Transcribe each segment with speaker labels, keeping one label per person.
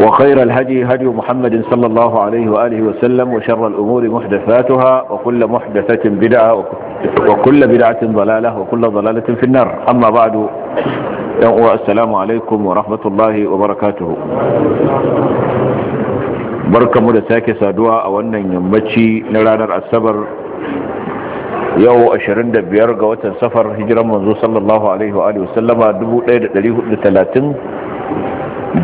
Speaker 1: وخير الهدي هدي محمد صلى الله عليه وآله وسلم وشر الأمور محدثاتها وكل محدثة بدعة وكل بدعة ضلالة وكل ضلالة في النار أما بعد السلام عليكم ورحمة الله وبركاته بركة مدساك سادوا أولا يمتشي نرانا السبر yau 25 ga watan safar hijiran manzo sallallahu alaihi wa alihi wasallama 1430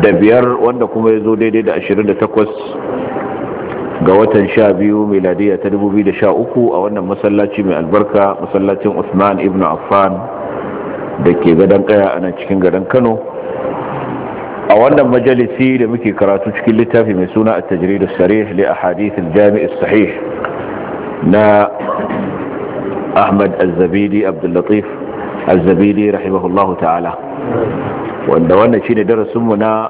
Speaker 1: da biyar wanda kuma ya zo daidai da 28 ga watan 12 miladiya ta 2013 a wannan masallaci mai albarka masallacin Usman ibn Affan da ke gadon kaya a nan cikin gadon Kano a wannan majalisi da muke karatu cikin littafi mai suna a tajridu sarih li ahadith al-jami' sahih na Ahmad Az-Zabidi Abdul Latif zabidi rahimahullahu ta'ala wanda wannan shine darasinmu na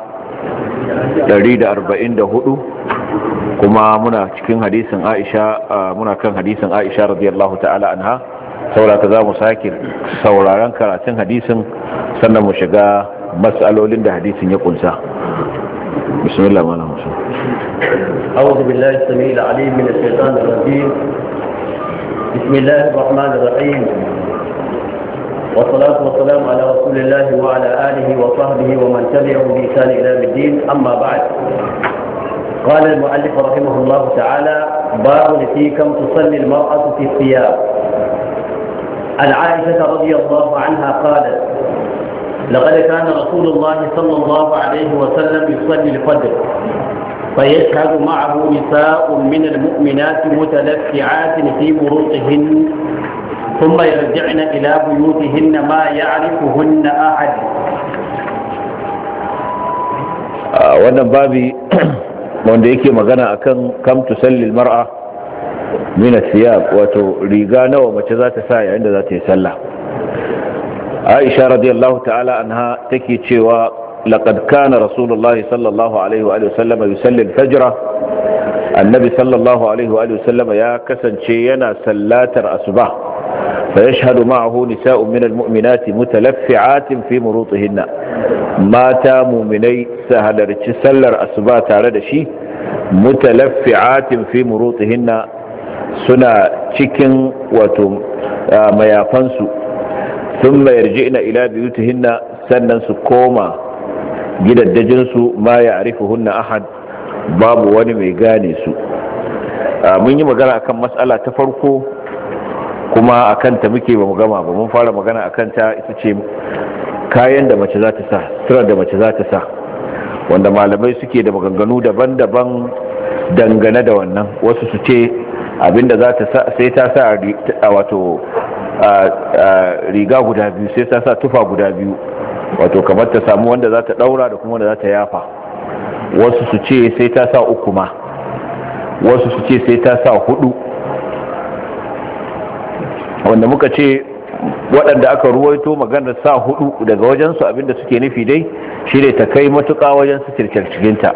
Speaker 1: 144 kuma muna cikin hadisin Aisha muna kan hadisin Aisha radiyallahu ta'ala anha saurata za mu sake sauraron karatun hadisin sannan mu shiga mas'alolin da hadisin ya kunsa bismillah malam musa a'udhu billahi samil alim min ash-shaytanir rajim bismillahir rahmanir rahim والصلاة والسلام على رسول الله وعلى آله وصحبه ومن تبعه بإحسان إلى الدين أما بعد قال المؤلف رحمه الله تعالى باب في كم تصلي المرأة في الثياب عن عائشة رضي الله عنها قالت لقد كان رسول الله صلى الله عليه وسلم يصلي الفجر فيشهد معه نساء من المؤمنات متلفعات في بروقهن ثم يرجعن إلى بيوتهن ما يعرفهن أحد wannan babi wanda yake magana akan kam tusallil mar'a min athiyab wato riga nawa mace za ta sa yayin da za ta yi sallah Aisha radiyallahu ta'ala anha take cewa laqad kana rasulullahi sallallahu alaihi wa alihi yusalli al-fajr annabi sallallahu alaihi wa alihi ya kasance yana sallatar asuba فيشهد معه نساء من المؤمنات متلفعات في مروطهن ماتا مؤمني سهل سلر أسبات على دشي متلفعات في مروطهن سنا تشكن وتم ميافنسو ثم يرجئن إلى بيوتهن سنن سكوما جدا دجنسو ما يعرفهن أحد باب ونمي غانيسو mun yi magana akan matsala ta farko kuma a kanta muke ba mu gama ba mun fara magana a kanta ita ce kayan da mace za ta sa surar da mace za ta sa wanda malamai suke da maganganu daban-daban dangane da wannan wasu su ce abinda za ta sa sai ta sa a wato riga guda biyu sai ta sa tufa guda biyu wato kamar ta samu wanda za ta daura da kuma wanda za ta yafa wasu su ce sai ta sa uku ma wasu su ce sai ta sa hudu wanda muka ce waɗanda aka ruwaito maganar sa hudu daga wajensu abinda suke nufi dai shi ne ta kai matuƙa wajen sitirkar cikinta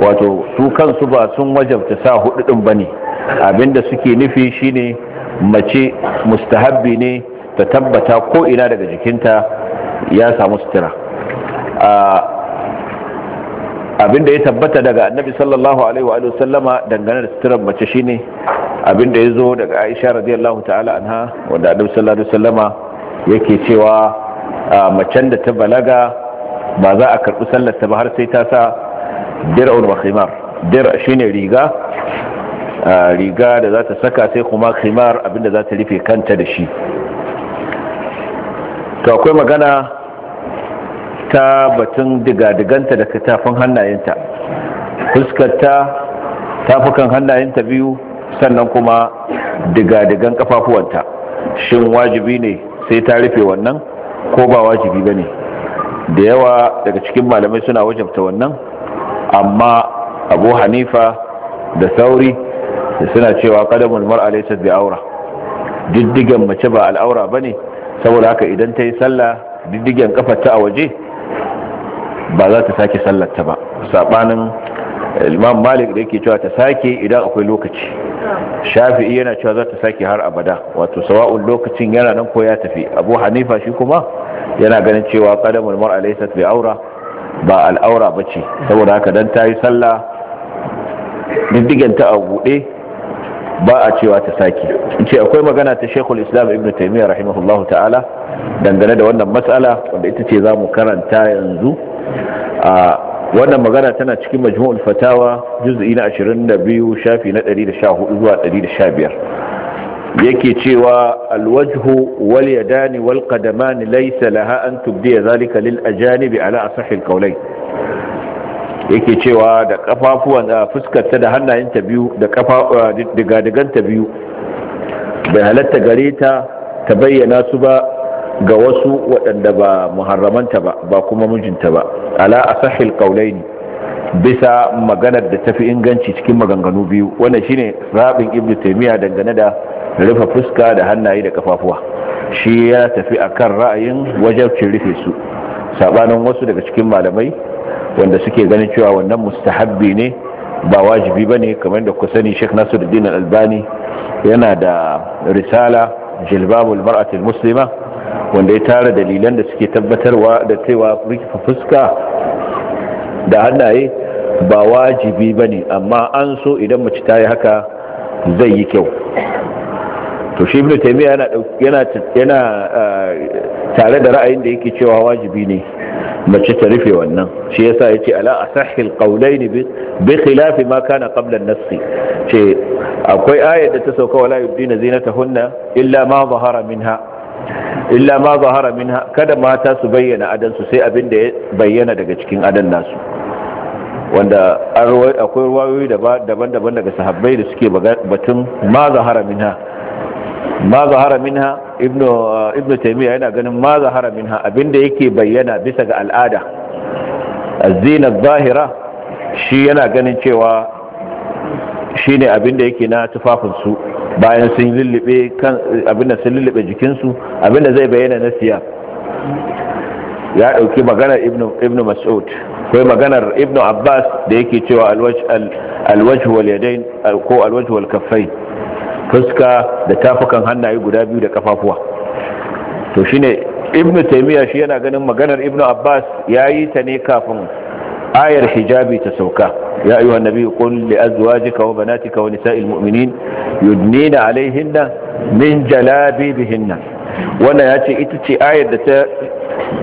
Speaker 1: wato su kansu ba sun wajabta sa hudu ɗin ba ne abinda suke nufi shi ne mace mustahabbi ne ta tabbata ko ina daga jikinta ya samu sutura ah, Abin da ya tabbata daga annabi sallallahu alaihi wa sallama dangane da suturar mace shine da ya zo daga aisha radiyallahu ta'ala anha wanda annabi sallallahu alaihi wa sallama yake cewa macen da ta balaga ba za a karɓi sallar ta ba har sai ta sa dir'ul khimar dir' shine riga riga da za ta saka sai kuma khimar abinda za ta rufe kanta da shi to akwai magana ta batun diganta da tafin hannayenta fuskarta tafukan hannayenta biyu sannan kuma diga-digan kafafuwanta shin wajibi ne sai ta rufe wannan ko ba wajibi ba ne da yawa daga cikin malamai suna wajabta wannan amma abu hanifa da sauri da suna cewa kadamun mar'a laysa bi aura diddigen mace ba al'aura bane saboda haka idan ta yi sallah diddigen ta a waje ba za ta sake sallarta ba sabanin eh, imam malik da yake cewa ta sake idan akwai lokaci shafi'i yana cewa za ta sake har abada wato sawa'un lokacin yana nan ko ya tafi abu hanifa shi kuma yana ganin cewa qadamul mar'a laysat bi aura ba al'aura bace saboda haka dan tayi sallah diddigen ta a buɗe ba a cewa ta sake ce akwai magana ta shekul islam ibn taimiyya rahimahullahu ta'ala dangane da wannan matsala wanda ita ce za mu karanta yanzu a wannan magana tana cikin majmu'ul fatawa juz'i na 22 shafi na 114 zuwa 115 yake cewa alwajhu wal yadani wal qadamani laysa laha an tubdiya zalika lil ajanibi ala asahi al qawlay yake cewa da kafafuwan da fuskar ta da hannayenta biyu da kafa diga diganta biyu bai halatta gare ta ta bayyana su ba ga wasu waɗanda ba muharramanta ba ba kuma mijinta ba ala asahil ne. bisa maganar da tafi inganci cikin maganganu biyu wannan shine rabin ibnu taymiya dangane da rufe fuska da hannaye da kafafuwa shi ya tafi akan ra'ayin wajen rufe su sabanin wasu daga cikin malamai wanda suke ganin cewa wannan mustahabbi ne ba wajibi ba ne kamar da ku sani Sheikh Nasiruddin Al-Albani yana da risala jilbabul mar'atil muslima wanda ya tara dalilan da suke tabbatarwa da cewa rufe fuska da hannaye ba wajibi ba ne amma an so idan mace ta yi haka zai yi kyau to shi ibn taymiya yana yana tare da ra'ayin da yake cewa wajibi ne mace ta rufe wannan shi yasa yace ala asahil qawlayn bi khilaf ma kana qabla an ce akwai ayat da ta sauka wala yubdina zinatahunna illa ma zahara minha illa ma zahara minha kada mata su bayyana adan su sai abin da ya bayyana daga cikin adan nasu wanda akwai ruwayoyi daban-daban daga sahabbai da suke batun ma zahara minha ma zahara minha ibnu uh, ibnu yana ganin ma zahara minha abinda yake bayyana bisa ga al'ada azina zahira shi yana ganin cewa shine abinda yake na tufafin su bayan sun lullube kan abinda sun lullube jikinsu abinda zai bayyana na siya ya dauki maganar ibnu mas'ud kai maganar ibnu abbas da yake cewa alwajh wal yadayn ko alwajh wal fuska da tafukan hannaye guda biyu da kafafuwa to shine ibnu taymiya shi yana ganin maganar ibnu abbas yayi ta ne kafin ayar hijabi ta sauka ya ayyuha nabi qul li azwajika wa banatika wa nisa'il mu'minin yudnina alaihinna min jalabibihinna wannan ya ce ita ce ayar da ta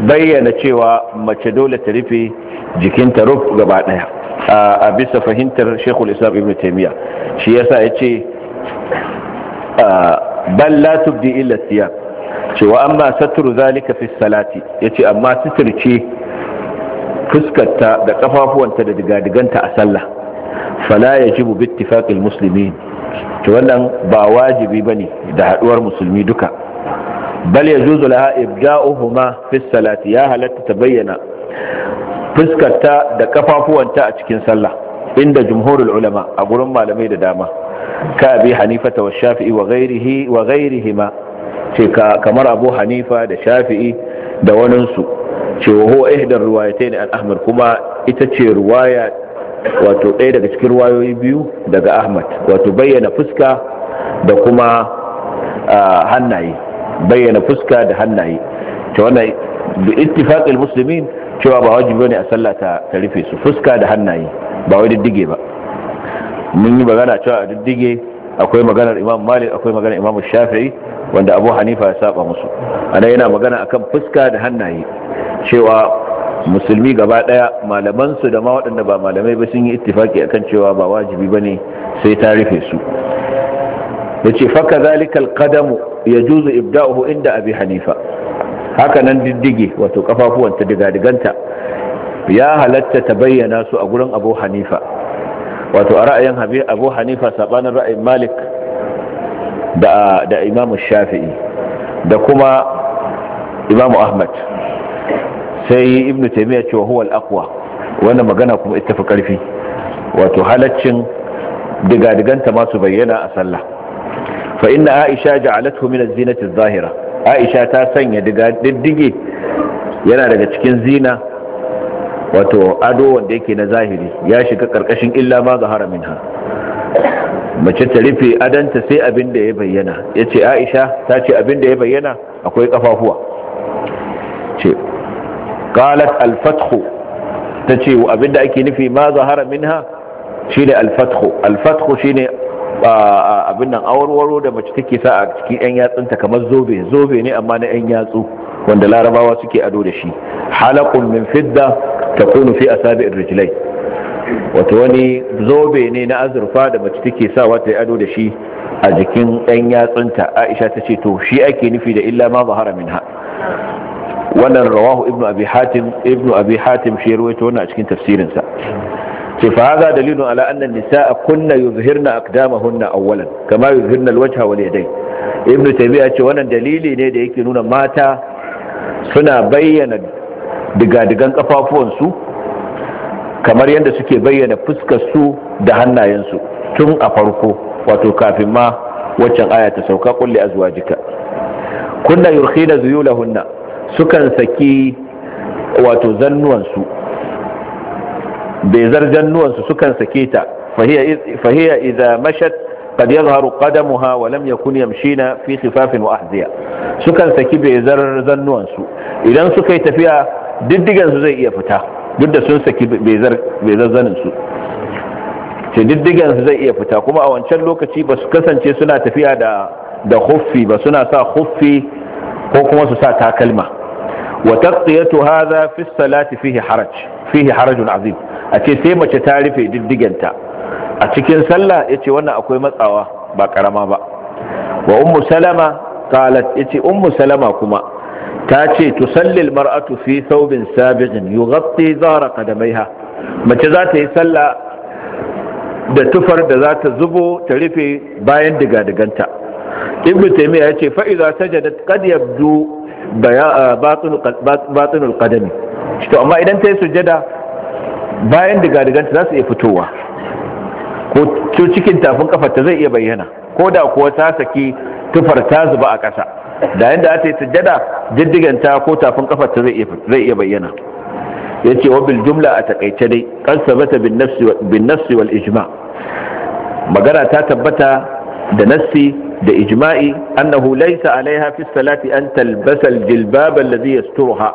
Speaker 1: bayyana cewa mace dole ta rufe jikinta ruf gaba daya a bisa fahimtar shekul islam ibn taimiyya shi yasa ya ce bal la tubdi illa siyab cewa amma satru zalika fi salati yace amma sitirce fuskarta da kafafuwanta da digadiganta a sallah fala yajibu bittifaqil muslimin to wannan ba wajibi ba ne da haɗuwar musulmi duka bal yajuzu laha ibda'uhuma fi salati ya halatta bayyana. fuskarta da kafafuwanta a cikin sallah inda jumhurul ulama a gurin malamai da dama ka bi hanifata wa shafi'i wa ghairihi wa ghairihima ce kamar abu hanifa da shafi'i da waninsu cewa ho ehdar ruwayatai ne al-ahmad kuma ita ce ruwaya wato ɗaya daga cikin ruwayoyi biyu daga ahmad wato bayyana fuska da kuma hannaye bayyana fuska da hannaye ta wannan da ittifaqil muslimin cewa ba wajibi bane a sallata ta rufe su fuska da hannaye ba wai diddige ba mun yi magana cewa a diddige akwai maganar imam malik akwai maganar imam shafi'i wanda abu hanifa ya saba musu ana yana magana akan fuska da hannaye cewa musulmi gaba daya malamansu da ma waɗanda ba malamai ba sun yi ittifaki akan cewa ba wajibi ba ne sai ta rufe su ya ce faka zalikal kadamu ya juzu ibda'uhu inda abi hanifa haka nan diddige wato kafafuwanta digadiganta ya halatta ta bayyana su a gurin abu hanifa wato a ra'ayin abu hanifa sabanin ra'ayin malik da imamu shafi'i da kuma imamu ahmad sai ibn taymiya cewa huwa al-aqwa wannan magana kuma ita fi karfi wato halaccin digadiganta ma masu bayyana a sallah fa inna aisha ja'alathu min az-zinati adh-dhahira aisha ta sanya digadiddige yana daga cikin zina wato ado wanda yake na zahiri ya shiga karkashin illa ma zahara minha mace ta rufe adanta sai abin da ya bayyana ya ce aisha ta ce abin da ya bayyana akwai kafafuwa ce qalat al ta ce abin da ake nufi ma zahara minha shi al alfathu al shi ne abin nan awarwaro da mace take sa a cikin yan yatsunta kamar zobe zobe ne amma na yan yatsu wanda larabawa suke ado da shi halaqun min fidda takunu fi asabi'ir rijlai wato wani zobe ne na azurfa da mace take sawa ta yi ado da shi a jikin ɗan yatsunta aisha ta ce to shi ake nufi da illa ma zahara ha? wannan rawahu ibnu abi hatim ibnu abi hatim shi ruwaito wannan a cikin tafsirin sa to fa hada dalilu ala anna nisaa kunna yuzhirna aqdamahunna awwalan kama yuzhirna alwajha wal yaday ibnu tabi'a ce wannan dalili ne da yake nuna mata suna bayyana digadigan kafafuwansu kamar yadda suke bayyana fuskar su da hannayensu tun a farko wato kafin ma waccan aya ta sauka a zuwa jika. kunna yurkhina zuyulahunna sukan saki wato zannuwansu bezar zannuwansu sukan sake ta fahiya idza mashat قد يظهر قدمها ولم يكن يمشينا في خفاف واحذيه sukan saki bezar zannuwansu idan suka yi tafiya diddigan su zai iya fita duk da sun saki bezar zazzanin su ce diddigan su zai iya fita kuma a wancan lokaci ba su kasance suna tafiya da da huffi ba suna sa huffi ko kuma su sa takalma wa taqiyatu hadha fi salati fihi haraj fihi harajun azim a ce sai mace ta rufe diddiganta a cikin sallah yace wannan akwai matsawa ba karama ba wa ummu salama qalat yace ummu salama kuma ta ce tusalli mar'atu fi thawbin sabiqin yughatti zara qadamaiha mace za ta yi sallah da tufar da za ta zubo ta rufe bayan diga-diganta ibn taymiya ya ce fa'iza sajadat qad yabdu batinul qadami to amma idan ta yi sujada bayan diga-diganta za su iya fitowa ko cikin tafin kafarta zai iya bayyana ko da kuwa ta saki tufar ta zuba a ƙasa da yanda aka yi sujjada diddiganta ko tafin kafar ta zai iya bayyana yace wa bil jumla a takaice dai kan sabata bin nafsi wal ijma magana ta tabbata da nassi da ijma'i annahu laisa alaiha fi salati an talbasa al jilbab alladhi yasturuha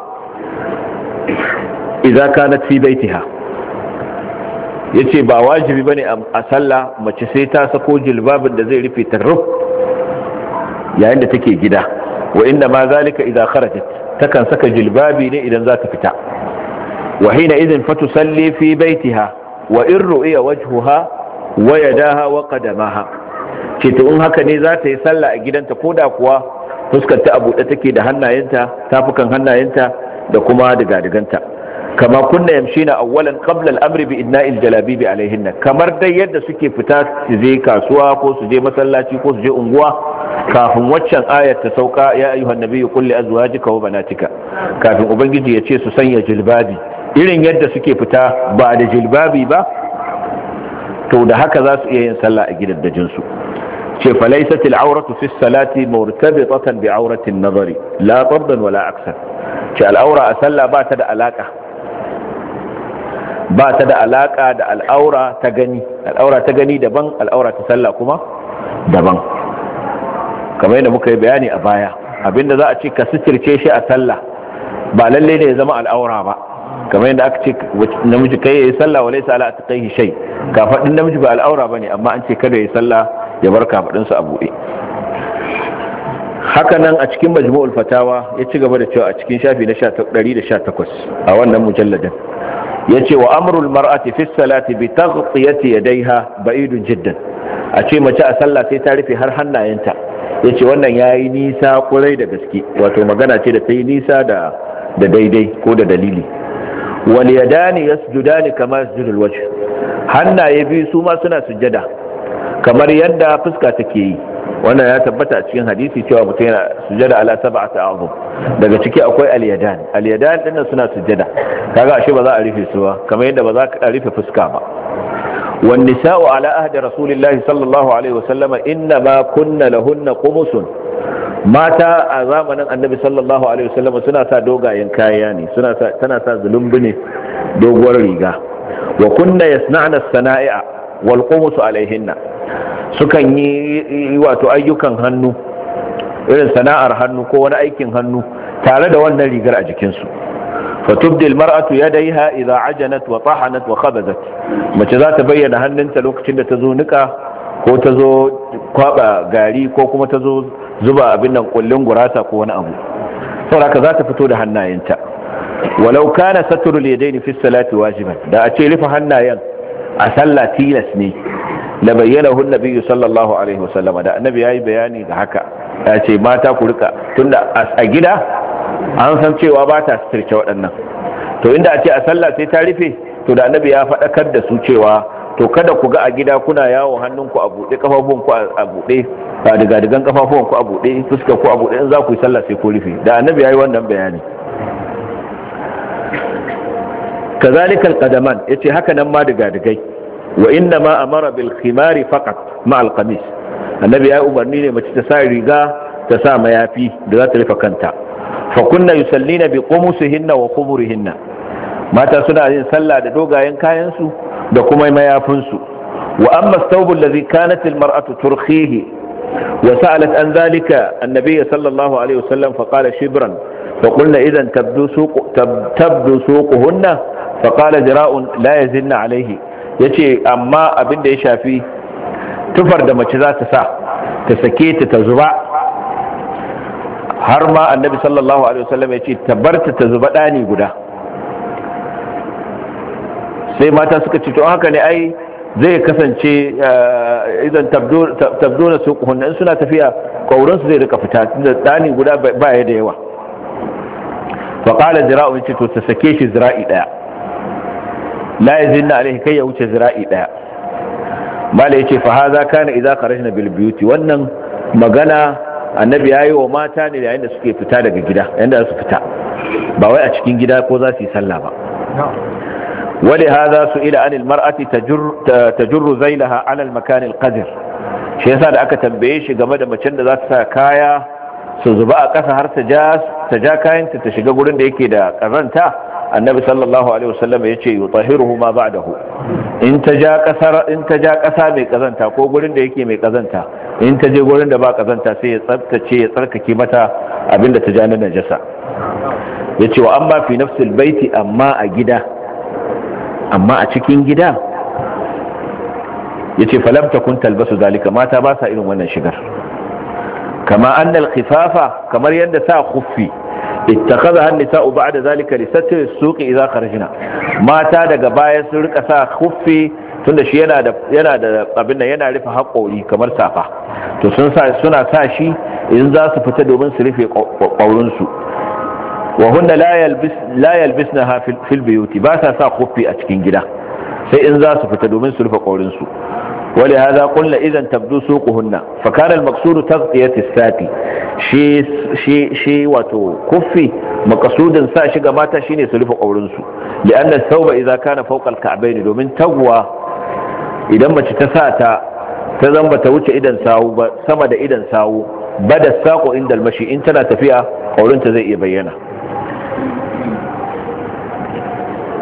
Speaker 1: idza kanat fi baitiha yace ba wajibi bane a sallah mace sai ta sako jilbabin da zai rufe ta yayin da take gida wa inda ma zalika idza kharajat takan saka jilbabi ne idan za ta fita wa hina idin fatusalli fi baitiha wa in ru'iya wajhuha wa yadaha wa qadamaha ce to in haka ne za ta yi sallah a gidanta ko da kuwa fuskar ta abuɗe take da hannayenta tafukan hannayenta da kuma digadiganta kama kunna yamshina awwalan qabla al-amri bi idna'il jalabibi alaihinna kamar dai yadda suke fita su je kasuwa ko su je masallaci ko su je unguwa kafin waccan ayar ta sauka ya ayyuhan nabiyyu qul li azwajika wa banatika kafin ubangiji ya ce su sanya jilbabi irin yadda suke fita ba da jilbabi ba to da haka za su iya yin sallah a gidajen su ce falaisat al-awratu fi salati murtabitatan bi awrati an-nazari la tabdan wala aksar ce al-awra a sallah ba ta da alaka ba ta da alaka da al'aura ta gani al'aura ta gani daban al'aura ta sallah kuma daban kamar yadda muka yi bayani a baya abinda za a ce ka sitirce shi a sallah ba lalle ne ya zama al'aura ba kamar yadda aka ce namiji kai ya yi sallah sa ala ta taƙaihi shai kafaɗin namiji ba al'aura ba ne amma an ce kada ya yi sallah ya bar kafaɗinsa a buɗe haka nan a cikin majmu'ul fatawa ya ci gaba da cewa a cikin shafi na 118 a wannan mujalladin yace wa amrul mar'ati fi salati bi taghtiyati yadayha ba'idun jiddan a ce mace a sallah sai ta rufe har hannayenta yace wannan yayi nisa kurai da gaske wato magana ce da ta yi nisa da da daidai ko da dalili wal yadani yasjudani kama yasjudul wajh hannaye biyu su ma suna sujjada kamar yadda fuska take yi wannan ya tabbata a cikin hadisi cewa mutum yana sujada ala sab'ati a'zum daga ciki akwai al-yadan al-yadan dinnan suna sujada kaga ashe ba za a rufe su ba kamar yadda ba za ka rufe fuska ba wan nisa'u ala ahdi rasulillahi sallallahu alaihi wasallama inna ma kunna lahunna qumusun mata a zamanin annabi sallallahu alaihi wasallama suna sa dogayen kaya ne suna sa tana sa zulumbi ne doguwar riga wa kunna yasna'na as-sana'i'a wal qumus alaihinna sukan yi wato ayyukan hannu irin sana'ar hannu ko wani aikin hannu tare da wannan rigar a jikinsu فتبدي المرأة يديها إذا عجنت وطحنت وخبزت mace za ta bayyana hannunta lokacin da ta zo nika ko ta zo kwaba gari ko kuma ta zo zuba abin nan kullun gurasa ko wani abu saboda za ta fito da hannayenta walau kana satru yadaini yadayn fi salati wajiban da a ce rufe hannayen a sallah tilas ne Da bayyanahu an-nabi sallallahu alaihi wasallam da annabi yayi bayani da haka ya ce mata ku rika tunda a gida an san cewa ba ta sirce waɗannan to inda a ce a sallah sai ta rufe to da annabi ya faɗakar da su cewa to kada ku ga a gida kuna yawon hannunku a buɗe kafafun ku a buɗe ba daga digan kafafuwan ku a buɗe fuskar ku a buɗe in za ku yi sallah sai ku rufe da annabi yayi wannan bayani kazalika alqadaman yace haka nan ma diga digai wa inna ma a mara khimari faqat ma al annabi ya yi umarni ne mace ta sa riga ta sa mayafi da za ta rufe kanta fa kunna yusallina bi qumusihinna wa hinna. mata suna yin sallah da dogayen kayansu da kuma mayafin wa amma thawbul ladhi kanat al mar'atu turkhihi wa sa'alat an dhalika annabi sallallahu alaihi wasallam fa qala shibran fa qulna idhan tabdu suq tabdu suquhunna fa qala dira'un la yazilna alayhi yace amma abin da ya shafi tufar da mace za ta sa ta sake ta ta zuba har ma annabi sallallahu alaihi wasallam ya ce ta barta ta zuba ɗani guda sai mata suka ce to haka ne ai zai kasance eh, idan tabdona su in suna tafiya su zai rika fita da ɗani guda ba ya da yawa faƙalar zira'u ce to ta sake shi zira'i ɗaya la yazinna alaihi kai ya wuce zira'i daya mala yace fa haza kana idza kharajna bil buyuti wannan magana annabi yayi wa mata ne yayin da suke fita daga gida yayin da su fita ba wai a cikin gida ko za su yi sallah ba wali haza su ila anil mar'ati tajurru zailaha ala al makan al qadir shi yasa da aka tambaye shi game da macen da za ta sa kaya su zuba a ƙasa har ta ja kayanta ta shiga gurin da yake da ƙazanta annabi sallallahu alaihi wasallam ya ce yutahiruhu ma ba'dahu in ta ja in ta ja kasa mai kazanta ko gurin da yake mai kazanta in ta je gurin da ba kazanta sai ya tsaftace ya tsarkake mata abinda ta ja na najasa ce wa ba fi nafsil baiti amma a gida amma a cikin gida yace falam takun talbasu zalika mata ba sa irin wannan shigar kama annal khifafa kamar yadda sa khuffi ittakhadha an-nisa'u da zalika li satr as-suqi mata daga baya sun rika sa khuffi tunda shi yana da yana da abin nan yana rufe haƙori kamar safa to sun sa suna sa shi in za su fita domin su rufe ƙaurin su wa hunna la yalbis la fil ba sa sa kuffi a cikin gida sai in za su fita domin su rufe ƙaurin su ولهذا قلنا اذا تبدو سوقهن فكان المقصود تغطية الساتي شي شي شي shi كفي مقصود سا شيغا ماتا شي ني سلفو قورن لان الثوب اذا كان فوق الكعبين دومين تغوا idan mace ta sa ta ta zamba ta wuce idan sawu ba sama da idan sawu ba da sako inda almashi in tana tafiya ƙaurinta zai iya bayyana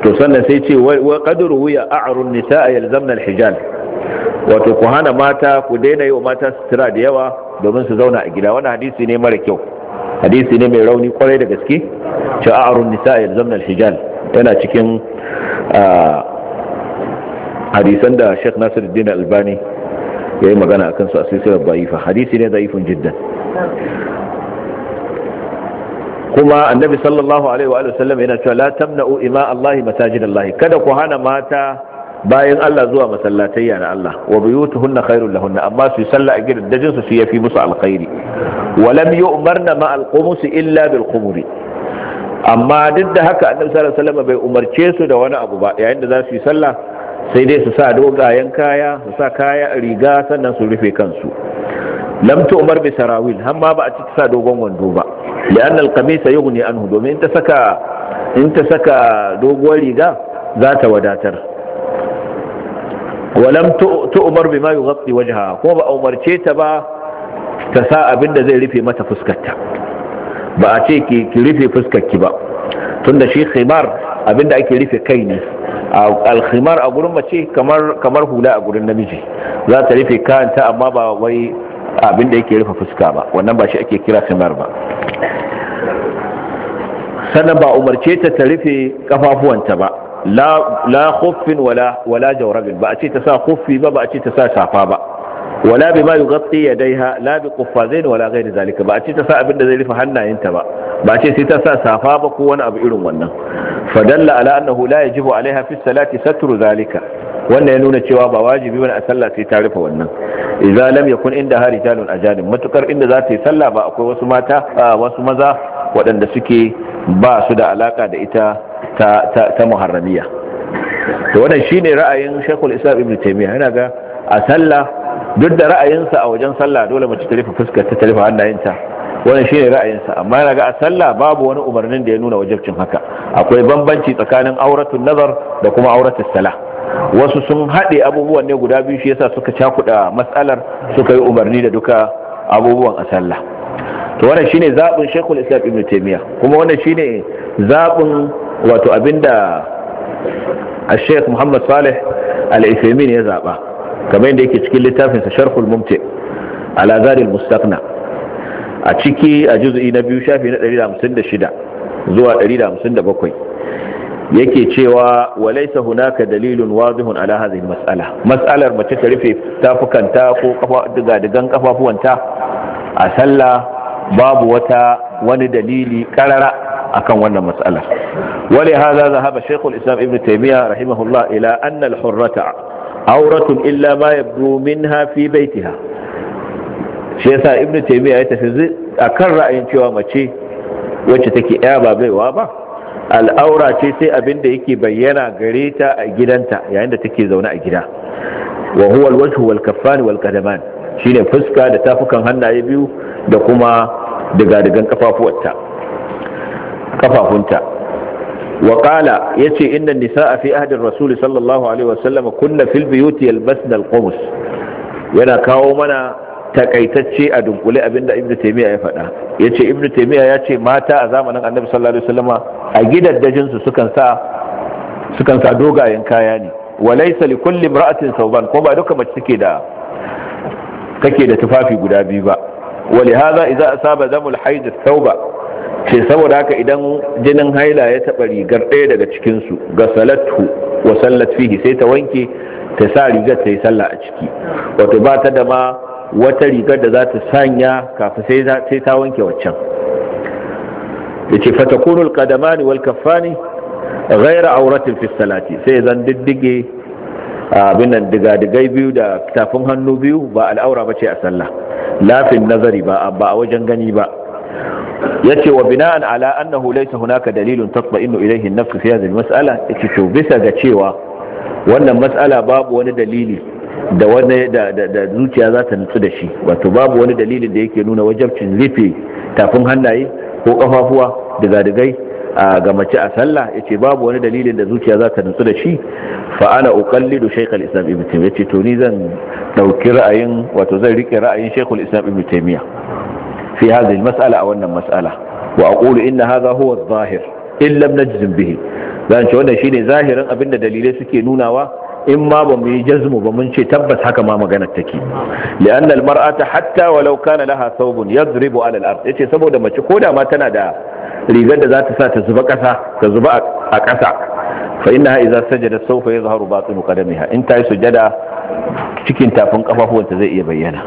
Speaker 1: to sannan sai ce wa kaduru wuya a'arun nisa a yalzamna alhijal wato ku hana mata ku daina yi wa mata sutura da yawa domin su zauna a gida wani hadisi ne mara kyau hadisi ne mai rauni kwarai da gaske sha'arun nisa yalzamna al-hijal yana cikin hadisan da Sheikh Nasiruddin Albani ya yi magana akan su a silsilar da'ifa hadisi ne da'ifun jiddan kuma annabi sallallahu alaihi wa sallam yana cewa la tamna'u ima Allah masajid lahi. kada ku hana mata bayan Allah zuwa masallatayya na Allah wa buyutuhunna khairul lahunna amma su salla a gidan dajin su yafi musu alkhairi wa lam yu'marna ma alqumus illa bil amma duk da haka annabi sallallahu alaihi wasallam bai umarce su da wani abu ba yayin da za su yi sallah sai dai su sa dogayen kaya su sa kaya riga sannan su rufe kansu lam Umar bi sarawil amma ba a ci sa dogon wando ba li'anna kamisa yau yughni anhu domin ta saka in ta saka doguwar riga za ta wadatar walam tu'mar bima yughatti wajha kuma ba umarce ta ba ta sa abin da zai rufe mata fuskarta ba a ce ki rufe fuskarki ba tunda shi khimar abin da ake rufe kai ne alkhimar a gurin mace kamar kamar hula a gurin namiji za ta rufe kanta amma ba wai abin da yake rufe fuska ba wannan ba shi ake kira khimar ba sannan ba umarce ta ta rufe kafafuwanta ba la khuffin wala wala jawrabin ba a ce ta sa khuffi ba ba a ce ta sa safa ba wala bi ma yughatti yadayha la bi quffazain wala ghairi zalika ba a ce ta sa abin da zai rufe hannayenta ba ba a ce sai ta sa safa ba ko wani abu irin wannan fadalla ala ya ji yajibu alaiha fi salati satru zalika wannan ya nuna cewa ba wajibi bane a sallah sai ta rufe wannan idza lam yakun inda harijalun ajanin matukar inda zata yi sallah ba akwai wasu mata wasu maza waɗanda suke ba su da alaka da ita ta, ta, ta muharramiya to wannan shine ra'ayin shekul islam ibn taimiyya yana ga a sallah duk da ra'ayinsa a wajen sallah dole mace ta rufe fuskar ta talifa hannayenta wannan shine ra'ayinsa amma yana ga a sallah babu wani umarnin da ya nuna wajibcin haka akwai bambanci tsakanin auratul nazar da kuma auratul salah wasu sun haɗe abubuwan ne guda biyu shi yasa suka cakuɗa matsalar suka yi umarni da duka abubuwan a sallah to wannan shine zabin shekul Islam Ibn Taymiyyah kuma wannan shine zabin wato abinda a Sheikh Muhammad Salih Al-Uthaymeen ya zaba kamar yadda yake cikin littafin sa Sharhul Mumti ala Zari mustaqna a ciki a juz'i na biyu shafi na 156 zuwa 157 yake cewa walaisa hunaka dalilun wadihun ala hadhihi mas'ala mas'alar mace ta rufe tafukanta ko kafa diga digan kafafuwanta a sallah babu wata wani dalili karara akan wannan matsala wale hadha zahaba shaykh al-islam ibn taymiya rahimahullah ila anna al-hurrata Auratun illa ma yabdu minha fi baytiha shi yasa ibn Taimiyya ya tafi kan ra'ayin cewa mace wacce take ya ba baiwa ba al'aura ce sai abin da yake bayyana gare ta a gidanta yayin da take zaune a gida wa huwa al-wajhu wal kaffan wal qadaman shine fuska da tafukan hannaye biyu da kuma daga digan kafafunta wa qala yace inna nisaa fi ahdi rasul sallallahu alaihi wasallam kunna fil buyuti yalbasna al yana kawo mana takaitacce a dunkule abinda ibnu taymiya ya faɗa yace ibnu taymiya yace mata a zamanin annabi sallallahu alaihi wasallama a gidaddajin su sukan sa sukan sa dogayen kaya ne laysa li kulli imra'atin thawban ko ba duka mace take da kake da tufafi guda biyu ba ولهذا إذا أصاب دم الحيض الثوب ce saboda haka idan jinin haila ya taɓa rigar ɗaya daga cikinsu ga salatu wa sallat fihi sai ta wanke ta sa rigar ta yi sallah a ciki wato ba ta da ma wata rigar da za ta sanya kafin sai ta wanke waccan da ce fatakunul kadamani wal kaffani ghaira auratin fi salati sai zan diddige abin nan digai biyu da tafin hannu biyu ba al'aura ba ce a sallah lafin nazari ba ba a wajen gani ba yace wa bina'an ala annahu laysa hunaka dalilun tatma'innu ilayhi an-nafs fi hadhihi al-mas'ala yace to bisa ga cewa wannan mas'ala babu wani dalili da wani da da zuciya za ta nutsu da shi wato babu wani dalili da yake nuna wajabcin rufe tafin hannaye ko kafafuwa diga-digai. ga mace a sallah yace babu wani dalilin da zuciya za ta nutsu da shi fa ana uqallidu shaykh islam ibn taymiyyah yace to ni zan dauki ra'ayin wato zan rike ra'ayin shaykh islam ibn taymiyyah fi hadhihi masala a wannan mas'ala wa aqulu inna hadha huwa adh-dhahir in lam najzim bihi zan ce wannan shine zahirin abinda dalilai suke nunawa in ma ba mu yi jazmu ba mun ce tabbas haka ma maganar take li'anna al-mar'ata hatta walau kana laha thawbun yadribu 'ala al-ard yace saboda mace ko da ma tana da rigar da za ta sa ta zuba ƙasa ta zuba a ƙasa fa inna iza sajada sawfa yazharu kadami qadamiha in ta yi sujada cikin tafin ta zai iya bayyana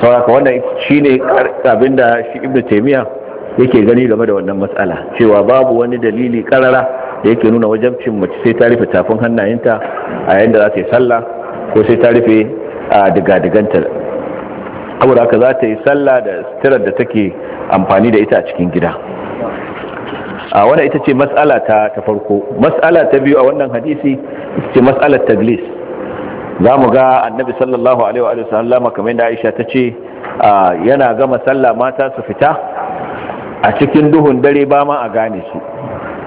Speaker 1: saboda wannan shine abinda shi ibnu taymiya yake gani game da wannan matsala cewa babu wani dalili karara da yake nuna wajabcin mace sai ta rufe tafin hannayenta a yayin da za ta yi sallah ko sai ta rufe a digadiganta saboda haka za ta yi sallah da sitirar da take amfani da ita a cikin gida a wannan ita ce mas'ala ta ta farko mas'ala ta biyu a wannan hadisi ita ce mas'alar taglis za mu ga annabi sallallahu alaihi wa sallama kamar yadda aisha ta ce yana gama sallah mata su fita a cikin duhun dare ba ma a gane su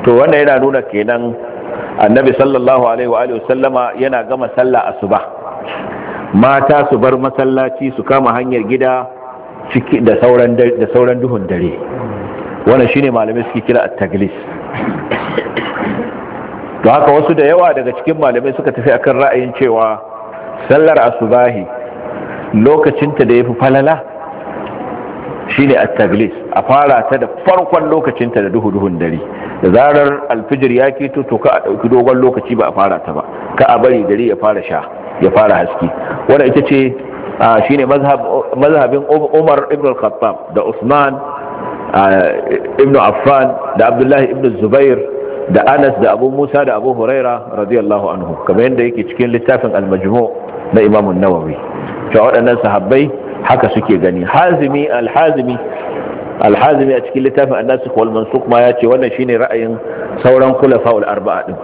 Speaker 1: to wannan yana nuna kenan annabi sallallahu alaihi wa sallama yana gama sallah asuba mata su bar masallaci su kama hanyar gida da sauran duhun dare wannan shine malamai suke kira at-taglis to haka wasu da yawa daga cikin malamai suka tafi akan ra'ayin cewa sallar asubahi lokacinta da yafi falala shine at-taglis a fara ta da farkon lokacinta da duhu duhun dare da zarar alfijir ya ke to ka a ɗauki dogon lokaci ba a fara ta ba ka a bari dare ya fara sha ya fara haske wannan ita ce shine mazhabin Umar ibn al-Khattab da Usman Ibnu affan da abdullahi Ibnu zubair da anas da abu musa da abu huraira radiyallahu anhu kamar yadda yake cikin littafin almajmu na imamun nawawi cewa waɗannan sahabbai haka suke gani hazimi alhazimi alhazimi a cikin littafin annasikh wal mansukh ma ya ce wannan shine ra'ayin sauran khulafa'ul arba'a din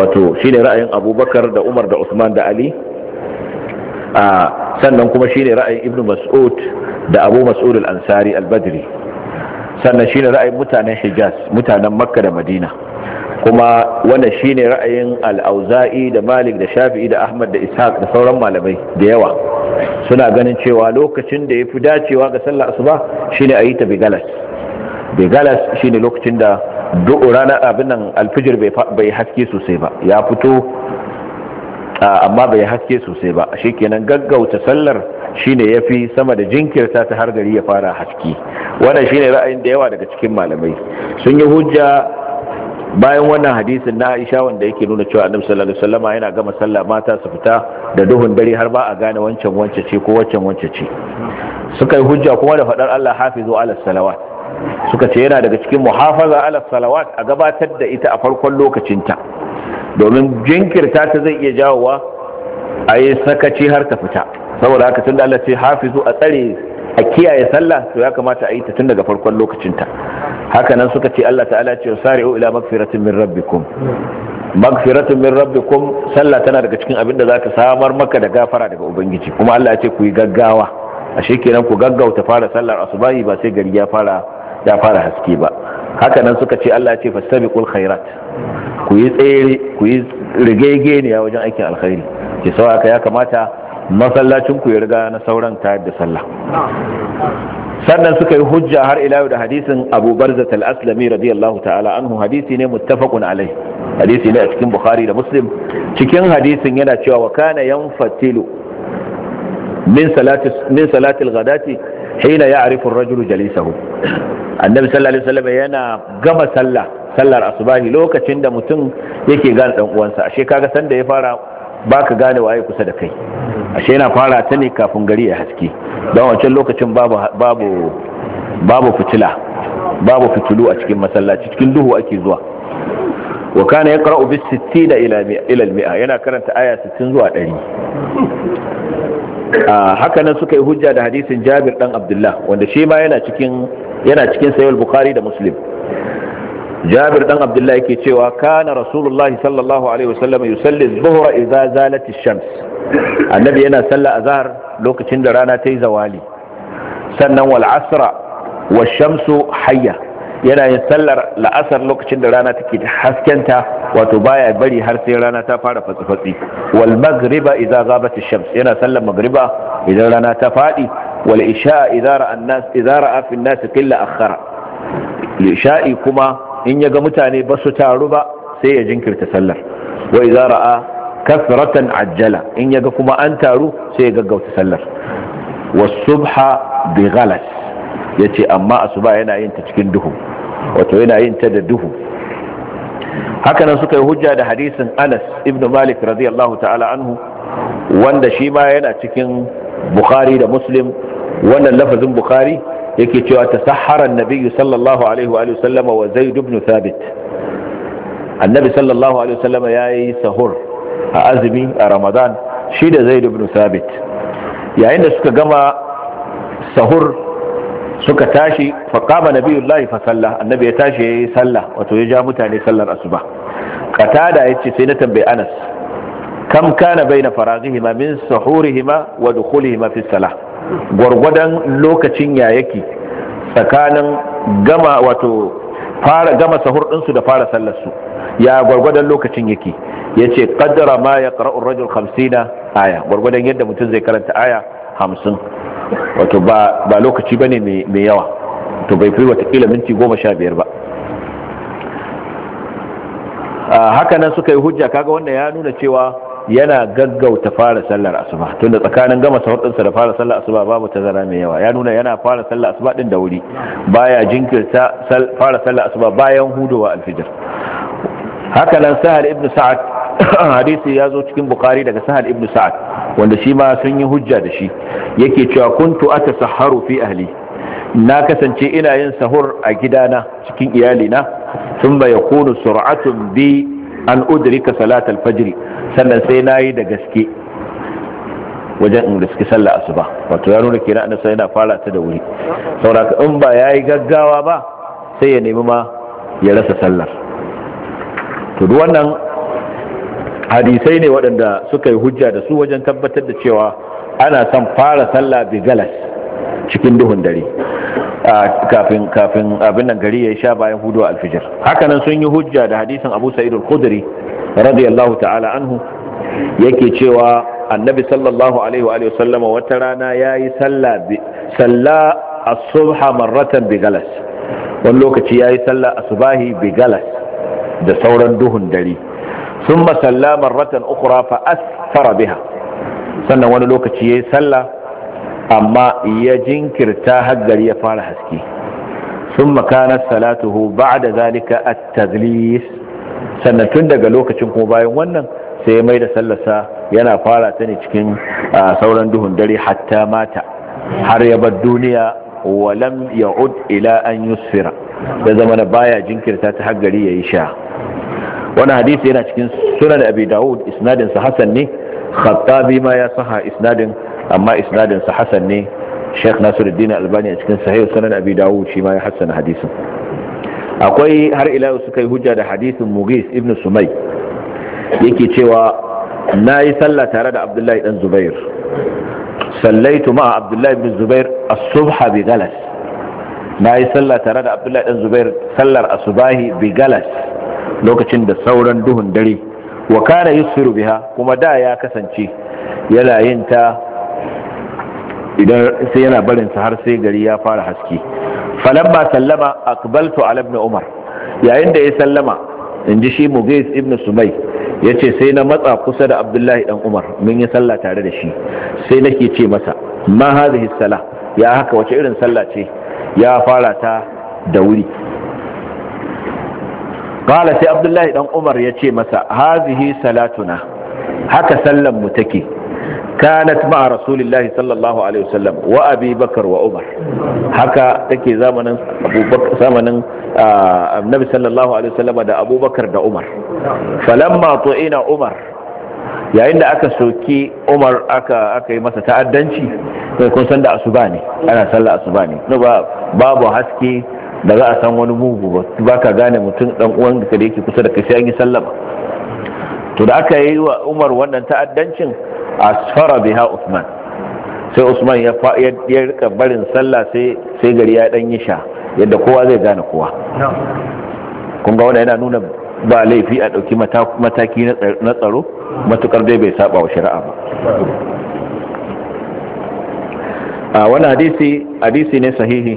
Speaker 1: wato shine ra'ayin abubakar da umar da usman da ali a sannan kuma shine ra'ayin ibnu mas'ud da abu mas'ud al-ansari al-badri sannan shine ra'ayin mutanen hijaz mutanen makka da madina kuma wannan shine ra'ayin al-auza'i da malik da shafi'i da ahmad da ishaq da sauran malamai da yawa suna ganin cewa lokacin da ya fi dacewa ga sallar asuba shine a yi ta bigalas bigalas shine lokacin da duk rana abin nan alfijir bai haske sosai ba ya fito amma bai haske sosai ba kenan gaggauta sallar shine yafi sama da jinkirta ta har gari ya fara haske. wannan shine ra'ayin da yawa daga cikin malamai sun yi hujja bayan wannan hadisin na Aisha wanda yake nuna cewa Annabi sallallahu alaihi wasallam yana gama sallah mata su fita da duhun dare har ba a gane wancan wancan ce ko wancan wancan ce suka yi hujja kuma da fadar Allah hafizu ala salawat suka ce yana daga cikin muhafaza ala salawat a gabatar da ita a farkon lokacinta domin jinkirta ta zai iya jawowa a yi sakaci har ta fita saboda haka da Allah ce hafizu a tsare a kiyaye sallah to ya kamata a yi ta tun daga farkon lokacinta haka nan suka ce Allah ta'ala ce sari'u ila magfiratin min rabbikum magfiratin min rabbikum sallah tana daga cikin abin da zaka samar maka da gafara daga ubangiji kuma Allah ya ce ku yi gaggawa a kenan ku gaggauta fara sallar asubahi ba sai gari ya fara ya fara haske ba haka nan suka ce Allah ya ce fastabiqul khairat ku yi tsere ku yi rigegeniya wajen aikin alkhairi ke haka ya kamata masallacin ku ya riga na sauran tayar da sallah sannan suka yi hujja har ila da hadisin Abu Barzat al-Aslami radiyallahu ta'ala anhu hadisi ne muttafaqun alai hadisi ne a cikin Bukhari da Muslim cikin hadisin yana cewa wa kana yanfatilu min salati min salati al-ghadati hina ya'rifu ar-rajulu jalisahu annabi sallallahu alaihi wasallam yana gama sallah sallar asubahi lokacin da mutum yake gane dan uwansa ashe kaga sanda ya fara ba ka gane waye kusa da kai ashe yana fara ta ne kafin gari ya haske don wancan lokacin babu fitila babu fitilu a cikin masallaci cikin duhu ake zuwa wa kana ya qara'u bis 60 ila mia yana karanta aya 60 zuwa 100 haka nan suka yi hujja da hadisin Jabir dan Abdullah wanda shi ma yana cikin yana cikin sahih bukhari da Muslim jabir dan abdullahi yake cewa kana rasulullahi sallallahu alaihi wasallam yusalli dhuhra idza zalat ash-shams annabi yana salla azhar lokacin da rana ta yi zawali sannan wal asra wash-shamsu hayya yana yin sallar la'asar lokacin da rana take haskenta wato baya bari har sai rana ta fara fatsi-fatsi wal magriba idza ghabat ash-shams yana sallar magriba idan rana ta fadi wal isha idza ra'a an-nas idza ra'a fi an-nas qilla akhara isha'i kuma in ya ga mutane ba su taru ba sai ya jinkirta sallar wa idza ra'a kasratan ajjala in ya ga kuma an taru sai ya gaggauta sallar wasubha bi ghalas yace amma asuba yana yin ta cikin duhu wato yana yin ta da duhu hakanan suka yi hujja da hadisin Anas ibn Malik radiyallahu ta'ala anhu wanda shi ma yana cikin Bukhari da Muslim wannan lafazin Bukhari yake cewa tasahhara an-nabiy sallallahu alaihi wa sallama wa zaid ibn thabit annabi sallallahu alaihi wa sallama yi sahur a azumi a ramadan shi da zaid ibn thabit yayin da suka gama sahur suka tashi fa faqama nabiyullahi fa salla annabi ya tashi yayi sallah wato ya ja mutane sallar asuba qatada yace sai na tambayi anas kam kana baina faragihima min suhurihima wa dukhulihima fi salah gwargwadon lokacin ya yake tsakanin gama wato fara gama sahur ɗinsu da fara sallar su ya gwargwadon lokacin yake ya ce kaddara ma ya ƙara'un rajul hamsina aya gwargwadon yadda mutum zai karanta aya hamsin wato ba lokaci ba ne mai yawa to bai fi watakila minti goma sha biyar ba ah, haka nan suka yi hujja kaga wanda ya nuna cewa yana gaggauta fara sallar asuba tunda tsakanin gama sahur ɗinsa da fara sallar asuba babu tazara mai yawa ya nuna yana fara sallar asuba ɗin da wuri baya jinkirta fara sallar asuba bayan hudowa alfijir haka nan sahal ibn sa'ad hadisi ya zo cikin bukari daga sahal ibn sa'ad wanda shi ma sun yi hujja da shi yake cewa kuntu atasahharu fi ahli na kasance ina yin sahur a gidana cikin iyalina sun bai kunu sur'atun bi an udrika salat al-fajr sannan sai na yi da gaske wajen in gaske sallah asuba wato ya nuna kenan annasa yana fara ta da wuri Sauraka in ba ya yi gaggawa ba sai ya nemi ma
Speaker 2: ya rasa sallar
Speaker 1: to duk wannan hadisai ne waɗanda suka yi hujja da su wajen tabbatar da cewa ana son fara sallah bi galas cikin duhun dare kafin kafin abin nan gari ya sha bayan hudu alfijir hakanan sun yi hujja da hadisin Abu Sa'id al-Khudri radiyallahu ta'ala anhu yake cewa annabi sallallahu alaihi wa sallama wata rana yayi sallah salla as-subha marratan bi galas wani lokaci yayi sallah asbahi bi galas da sauran duhun dare thumma salla marratan ukhra fa asfara biha sannan wani lokaci yayi sallah amma ya jinkirta haggari ya fara haske thumma kana salatuhu ba'da zalika at-tadlis sannan tun daga lokacin kuma bayan wannan sai ya mai da sallasa yana fara ta ne cikin sauran duhun dare hatta mata har ya bar duniya walam ya'ud ila an yusfira da zama na baya jinkirta ta haggari yi sha wani hadisi yana cikin sunan abi dawud isnadin sa hasan ne khattabi ma ya saha isnadin amma isnadin sa hasan ne sheikh nasiruddin albani a cikin sahih sunan abi dawud shi ma ya hasana hadisin akwai har ila suka yi hujja da hadisin mughis ibn sumay yake cewa na yi sallah tare da abdullahi dan zubair sallaitu ma abdullahi ibn zubair as-subha bi galas na yi sallah tare da abdullahi dan zubair sallar asubahi bi galas lokacin da sauran duhun dare wa kana yusiru biha kuma da ya kasance yana yin ta idan sai yana barin har sai gari ya fara haske falamma sallama aqbaltu ala ibn umar yayin da ya sallama in ji shi mugis ibn sumai ya ce sai na matsa kusa da abdullahi dan umar mun yi sallah tare da shi sai nake ce masa ma hadhihi salah ya haka wace irin sallah ce ya fara da wuri qala sai abdullahi dan umar ya ce masa hadhihi salatuna haka sallan mu take kanat ma'a rasulillahi sallallahu alaihi wa abi bakar wa umar haka take zamanin zamanin annabi da abubakar da umar falamma tu'ina umar yayin da aka soki umar aka yi masa ta'addanci sai kun san da asuba ne ana sallar asuba ne babu haske da za a san wani mugu ba ka gane mutum dan uwan da yake kusa da kai sai an yi sallama to da aka yi wa umar wannan ta'addancin asfara biha usman sai usman ya ya rika barin sallah sai sai gari ya dan yi sha yadda kowa zai gane kowa kun ga wannan yana nuna ba laifi a ɗauki mataki na tsaro matukar dai bai saba wa shari'a ba a wani hadisi hadisi ne sahihi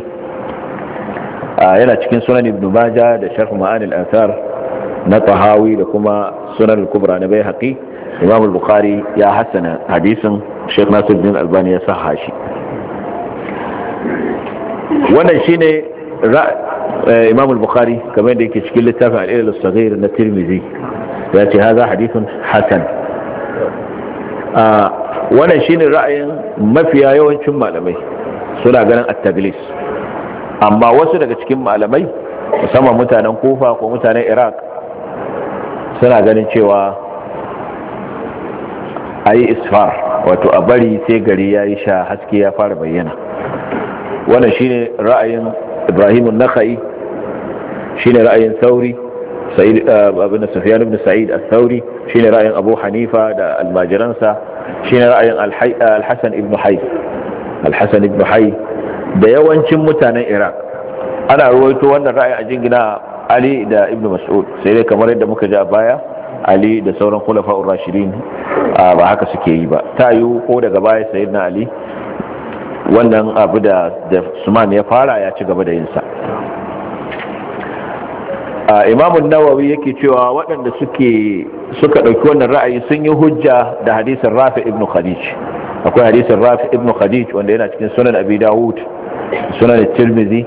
Speaker 1: yana cikin sunan ibn majah da sharh ma'anil ansar na tahawi da kuma sunan kubra na bai imam al-bukhari ya hassana hadisin sheikh nasiruddin albani ya saha shi wannan shine eh, imam al-bukhari kamar da yake cikin littafin al-ilal as-saghir na tirmidhi ya ce haza hadithun hasan ah, wannan shine ra'ayin mafiya yawancin malamai suna ganin at-taglis amma wasu daga cikin malamai musamman mutanen kufa ko mutanen iraq suna ganin cewa a yi isfar wato a bari sai gari ya yi sha haske ya fara bayyana wannan shine ra'ayin ibrahim naka'i shine ra'ayin sauri eh, abin sufyan ibn sa'id al-sauri shine ra'ayin abu hanifa da almajiransa shine ra'ayin al-hasan ibn hay al-hasan ibn hay da yawancin mutanen iraq ana ruwaito wannan ra'ayi a jingina ali da ibn mas'ud sai dai kamar yadda muka ji a baya ali da sauran khulafa'ur rashidin ba haka suke yi ba ta yi ko daga baya sayyidina ali wannan abu da suman ya fara ya ci gaba da yinsa imamun nawawi yake cewa waɗanda suke suka ɗauki wannan ra'ayi sun yi hujja da hadisin rafi ibn khadij akwai hadisin rafi ibn khadij wanda yana cikin sunan abi dawud sunan tirmidhi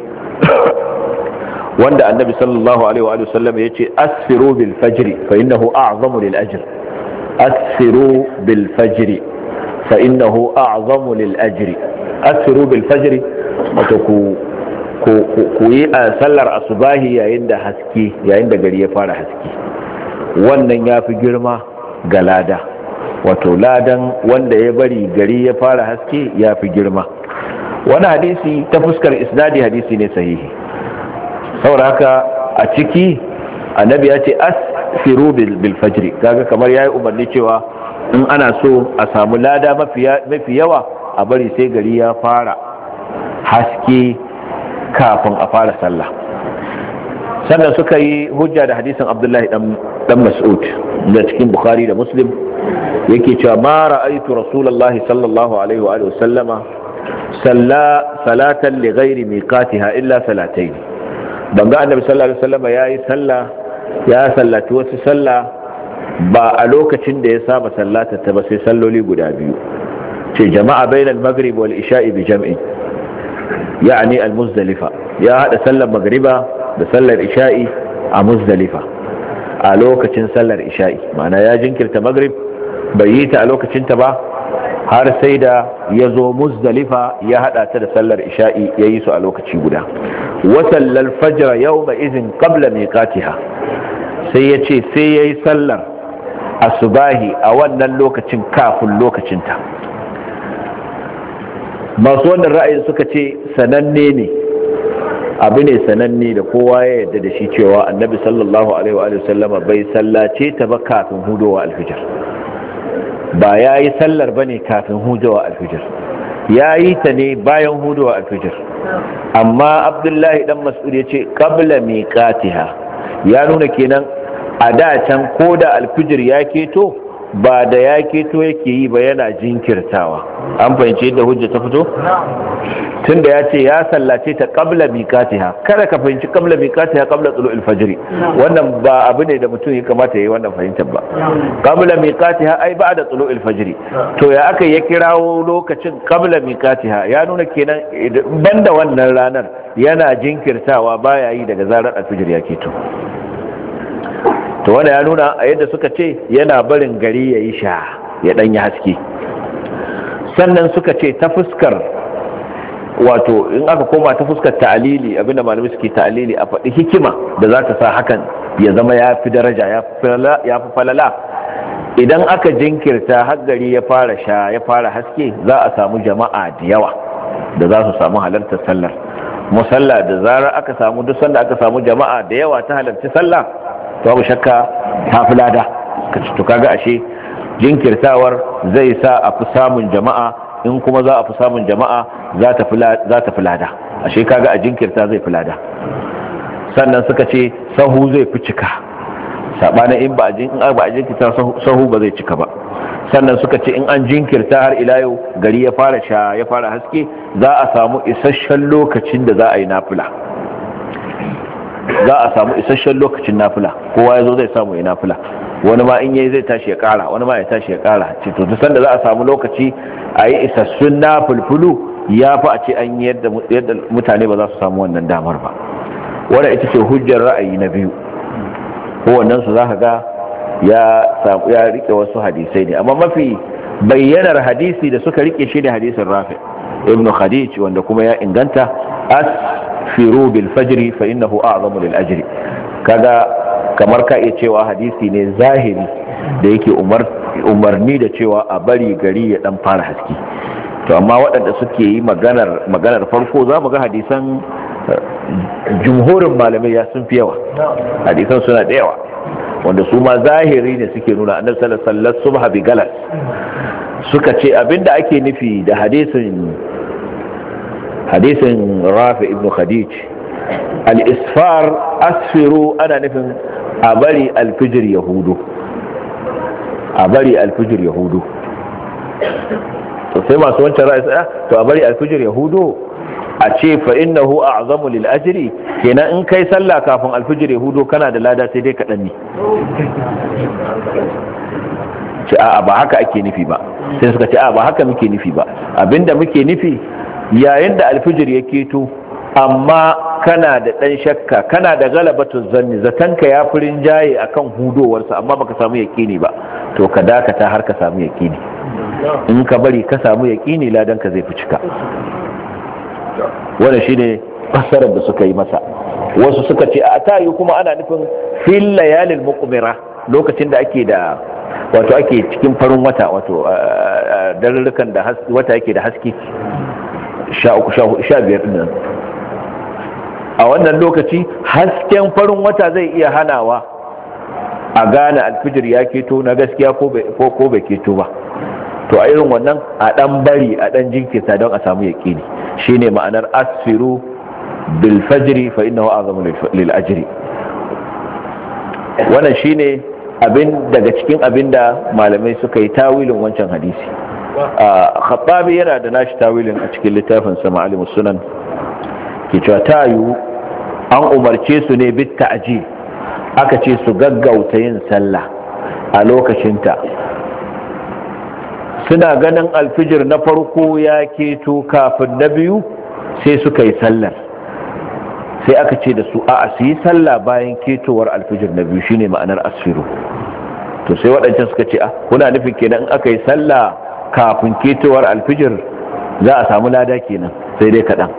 Speaker 1: wanda annabi sallallahu alaihi wa sallam ya ce asfiru bil fajri fa innahu a'zamu lil ajr asiru bil fajri fa innahu a'zamu lil ajr asiru bil fajri wato ku ku yi a sallar asubahi yayin da haske yayin da gari ya fara haske wannan ya fi girma ga lada wato ladan wanda ya bari gari ya fara haske ya fi girma wani hadisi ta fuskar isnadi hadisi ne sahihi saboda haka a ciki annabi ya ce asiru bil fajri kaga kamar yayi umarni cewa in ana so a samu lada mafi yawa a bari sai gari ya fara haske kafin a fara sallah sannan suka yi hujja da hadisin abdullahi dan mas'ud da cikin bukhari da muslim yake cewa ma ra'aitu rasulullahi sallallahu alaihi wa sallama salla salatan li ghairi miqatiha illa salataini. ban ga annabi sallallahu alaihi wasallam yayi sallah ya sallaci wasu sallah ba a lokacin da ya saba sallata ta ba sai salloli guda biyu ce jama'a bainal maghrib wal isha'i bi jam'i yani al muzdalifa ya hada sallar magriba da sallar isha'i a muzdalifa a lokacin sallar isha'i ma'ana ya jinkirta maghrib bai yi ta a lokacin ta ba har sai da ya zo muzdalifa ya hada ta da sallar isha'i ya yi su a lokaci guda وصلى الفجر يومئذ قبل ميقاتها yi sallar a subahi a wannan lokacin kafin lokacinta. masu wannan ra'ayin suka ce sananne ne abu ne sananne da kowa ya yadda da shi cewa annabi sallallahu alaihi wa sallama bai sallace ta ba kafin hudowa alfijir. ba ya yi sallar ba ne kafin hudowa alfijir. ya yi ta ne bayan huduwa a fitar amma abdullahi dan mas'ud ya ce kabla katiha ya nuna kenan a da can ko da alfijir ya keto ba da ya keto yake yi ba yana jinkirtawa an fahimci yadda hujja ta fito tun da ya ce ya sallace ta kabla katiha, kada ka fahimci kabla katiha, kabla tsulul ilfajiri." wannan ba abu ne da mutum ya kamata yi wannan fahimtar ba kabla katiha ai ba da tsulul ilfajiri. to ya aka ya kirawo lokacin kabla katiha" ya nuna kenan banda wannan ranar yana jinkirtawa baya yi daga zarar alfijir ya keto to wani ya nuna a yadda suka ce yana barin gari ya yi sha ya ɗanyi haske sannan suka ce ta fuskar wato in aka koma ta fuskar ta'alili abinda malamai suke ta'alili a faɗi hikima da za ta sa hakan ya zama ya fi daraja ya fi falala idan aka jinkirta haggari ya fara sha ya fara haske za a samu jama'a da yawa da za su samu halartar sallar musalla da zarar aka samu duk sanda aka samu jama'a da yawa ta halarci sallah to ba shakka ta fi lada tuka ga ashe jinkirtawar zai sa a fi samun jama'a in kuma za a fi samun jama'a za ta fi lada ashe kaga a jinkirta zai fi lada sannan suka ce sahu zai fi cika sabanin in ba a jinkirta sahu ba zai cika ba sannan suka ce in an jinkirta har ila yau gari ya fara sha ya fara haske za a samu isasshen lokacin da za a yi nafila za a samu isasshen lokacin nafila kowa ya zo zai samu ya nafila wani ma in yayi zai tashi ya kara wani ma ya tashi ya kara ce to duk sanda za a samu lokaci a yi isassun nafulfulu ya fi a ce an yi yadda mutane ba za su samu wannan damar ba wannan ita ce hujjar ra'ayi na biyu ko wannan su za ka ga ya ya rike wasu hadisai ne amma mafi bayyanar hadisi da suka rike shi ne hadisin rafi Ibn khadij wanda kuma ya inganta as fi rubil fajri fa innahu a'zamu lil ajri kaga kamar ka iya cewa hadisi ne zahiri da yake umarni da cewa a bari gari ya dan fara haske to amma waɗanda suke yi maganar maganar farko za mu ga hadisan eh, jumhurin malamai ya sun fi yawa hadisan suna da yawa wanda su ma zahiri ne suke nuna annabi sallallahu alaihi wasallam subha bi galas suka ce abinda ake nufi da hadisin hadisin rafi Ibnu khadij al-isfar asfiru ana nufin a bari alfijir yahudu a bari alfijir yahudu to sai masu wancan ra'ayi tsaya ah, to a bari alfijir yahudu a ce fa innahu a'zamu lil kenan in kai sallah kafin alfijir yahudu kana da lada sai dai kaɗan ne ce ba haka ake nufi ba sai ce ba haka nufi ba abinda muke nufi yayin da alfijir ya keto amma kana da ɗan shakka kana da galabatun zanni zatanka ya fi rinjaye a kan hudowarsa amma baka samu yaƙini ba to ka dakata har ka samu yaƙini in ka bari ka samu yaƙini ka zai fi cika Wani shi ne da suka yi masa wasu suka ce a ta yi kuma ana nufin fil layalil muqmira lokacin da ake da wato ake cikin farin wata wato eh, eh, eh, dalilukan da wata yake da haske 15 a wannan lokaci hasken farin wata zai iya hanawa a gane alfijir ya keto na gaskiya ko bai keto ba to a irin wannan a dan bari a dan jinkirta don a samu shi shine ma'anar asfiru bilfajiri fajri fa innahu azamu wannan shi abin daga cikin abin da malamai suka yi tawilin wancan hadisi khattabi yana da nashi tawilin a cikin littafin sa ma'alimus sunan ke cewa ta yiwu an umarce su ne bit ta'ji aka ce su gaggauta yin sallah a lokacinta suna ganin alfijir na farko ya keto kafin na biyu sai suka yi sallar sai aka ce da su a su yi sallah bayan ketowar alfijir na biyu shine ma'anar asfiru to sai waɗancan suka ce a ah, kuna nufin kenan aka yi sallah kafin ketowar alfijir za a samu lada kenan sai dai kaɗan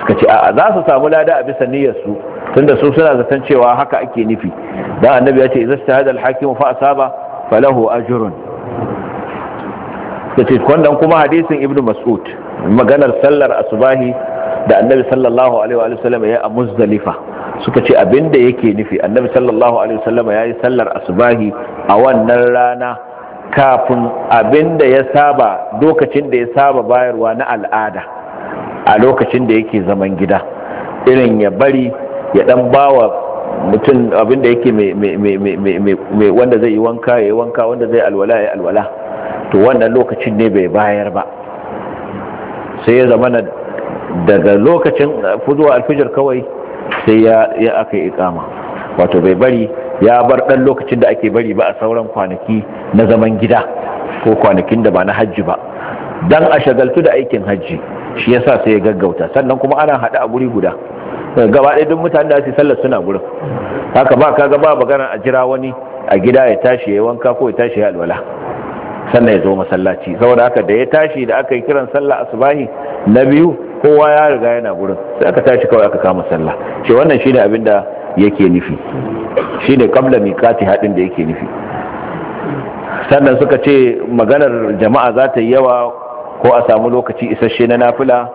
Speaker 1: suka ce a za su samu lada a bisa niyyarsu tunda su suna zaton cewa haka ake nufi Da annabi ya ce idza ta hada hakim fa asaba falahu ajrun kace wannan kuma hadisin ibnu mas'ud maganar sallar asubahi da annabi sallallahu alaihi wa sallam ya a muzdalifa suka ce abinda yake nufi annabi sallallahu alaihi wa sallam yayi sallar asubahi a wannan rana kafin abin da ya saba lokacin da ya saba bayarwa na al'ada a lokacin da yake zaman gida irin ya bari ya dan bawa mutum abin da yake mai wanda zai yi wanka ya yi wanka wanda zai alwala ya alwala to wannan lokacin ne bai bayar ba sai ya zama daga lokacin fuzuwa alfijir kawai sai ya aka yi ikama wato bai bari ya bar dan lokacin da ake bari ba a sauran kwanaki na zaman gida ko kwanakin da ba na hajji ba dan a shagaltu da aikin hajji shi yasa sai ya gaggauta sannan kuma ana hada a guri guda gaba ɗaya duk mutanen da su sallar suna gurin haka ba ka ga ba magana a jira wani a gida ya tashi ya wanka ko ya tashi ya alwala sannan ya zo masallaci saboda haka da ya tashi da aka yi kiran sallah asubahi na biyu kowa ya riga yana gurin sai aka tashi kawai aka kama sallah shi wannan shine abin da yake nufi shi ne kabla mikati haɗin da yake nufi sannan suka ce maganar jama'a za ta yi yawa ko a samu lokaci isasshe na nafila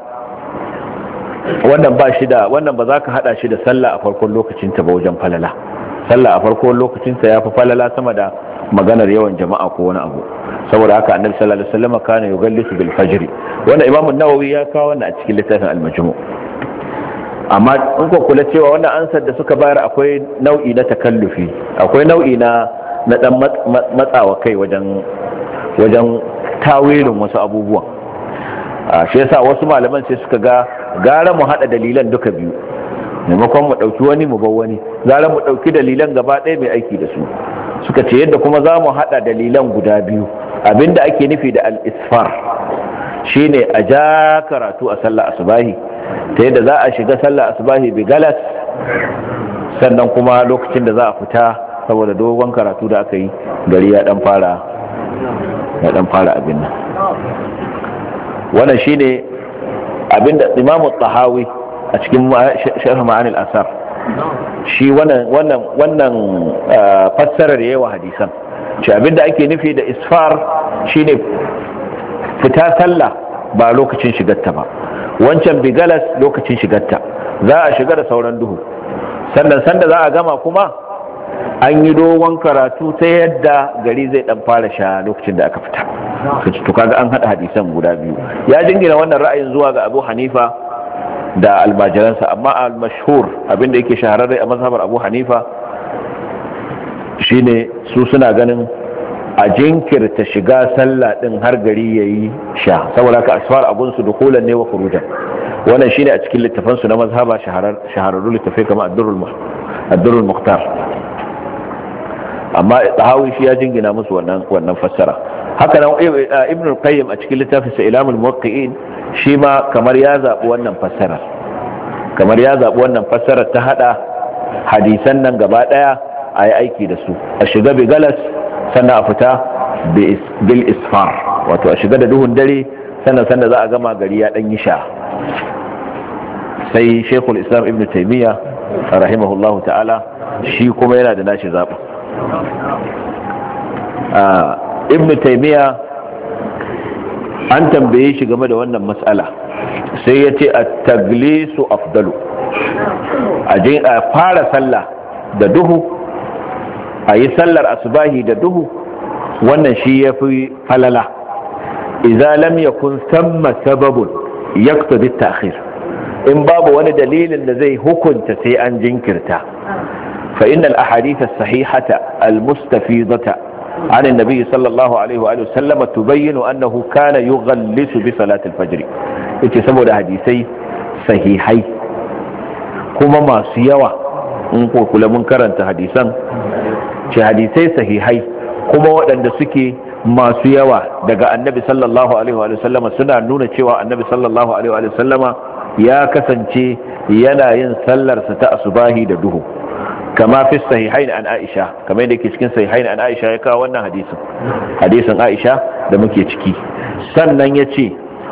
Speaker 1: wannan ba shi da wannan ba za ka haɗa shi da sallah a farkon lokacinta ba wajen falala sallah a farkon lokacinta ya fi falala sama da maganar yawan jama'a ko wani abu saboda haka annabi sallallahu alaihi wasallam kana yugallisu bil fajr wannan imam nawawi ya kawo wannan a cikin littafin al-majmu' amma in ko kula cewa wannan ansar da suka bayar akwai nau'i na takallufi akwai nau'i na na dan matsawa kai wajen wajen tawilin wasu abubuwan shi yasa wasu malaman sai suka ga gara mu hada dalilan duka biyu maimakon mu dauki wani mu bar wani gara mu dauki dalilan gaba ɗaya mai aiki da su suka ce yadda kuma za mu hada dalilan guda biyu abinda ake nufi da al-isfar shine a ja karatu a sallah asubahi ta yadda za a shiga sallah asubahi bi galas sannan kuma lokacin da za a fita saboda dogon karatu da aka yi gari ya dan fara
Speaker 2: ya dan fara abin nan
Speaker 1: wannan shine abinda imamu tahawi a cikin sharh ma'anil asar shi wannan wannan wannan fassarar yayin hadisan ce abinda ake nufi da isfar shine fita sallah ba lokacin shigarta ba wancan bigalas lokacin shigarta za a shiga da sauran duhu sannan sanda za a gama kuma an yi dogon karatu ta yadda gari zai dan fara sha lokacin da aka fita to kaga an hada hadisan guda biyu ya jingina wannan ra'ayin zuwa ga Abu Hanifa da almajiransa amma al-mashhur abinda yake shahararre a mazhabar Abu Hanifa shine su suna ganin a jinkirta shiga sallah din har gari yayi sha saboda ka asfar abun su dukulan ne wa furujan wannan shine a cikin littafan su na mazhaba shahararru littafai kamar ad-durrul muhtar amma tahawi shi ya jingina musu wannan wannan fassara haka nan eh, eh, ibn al-qayyim a cikin littafin sa ilamul muwaqqi'in shi ma kamar ya zabi wannan fassara kamar ya zabi wannan fassara ta hada hadisan nan gaba daya a yi aiki da su a shiga bigalas sannan a fita bil isfar wato a shiga da duhun dare sannan sannan za a gama gari ya dan yi sha sai shekul islam ibn taimiyya rahimahullahu ta'ala shi kuma yana da nashi zaɓa ibn taimiyya an tambaye shi game da wannan matsala sai ya ce a taglisu afdalu a fara sallah da duhu a yi sallar asubahi da duhu wannan shi ya fi falala idza lam yakun samma sababun yaqtadi ta'khir in babu wani dalilin da zai hukunta sai an jinkirta fa innal ahadith as-sahihata al-mustafidata عن النبي صلى الله عليه وآله وسلم تبين أنه كان يغلس بصلاة الفجر إذا سبب حديثي صحيحي كما ما سيوا نقول كل من كرنت حديثا ce hadisai sahihai kuma waɗanda suke masu yawa daga annabi sallallahu alaihi wa sallama suna nuna cewa annabi sallallahu alaihi wa sallama ya kasance yana yin sallarsa ta asubahi da duhu kama fi sahihain an aisha kamar yadda yake cikin sahihain an aisha ya kawo wannan hadisin hadisin aisha da muke ciki sannan ya ce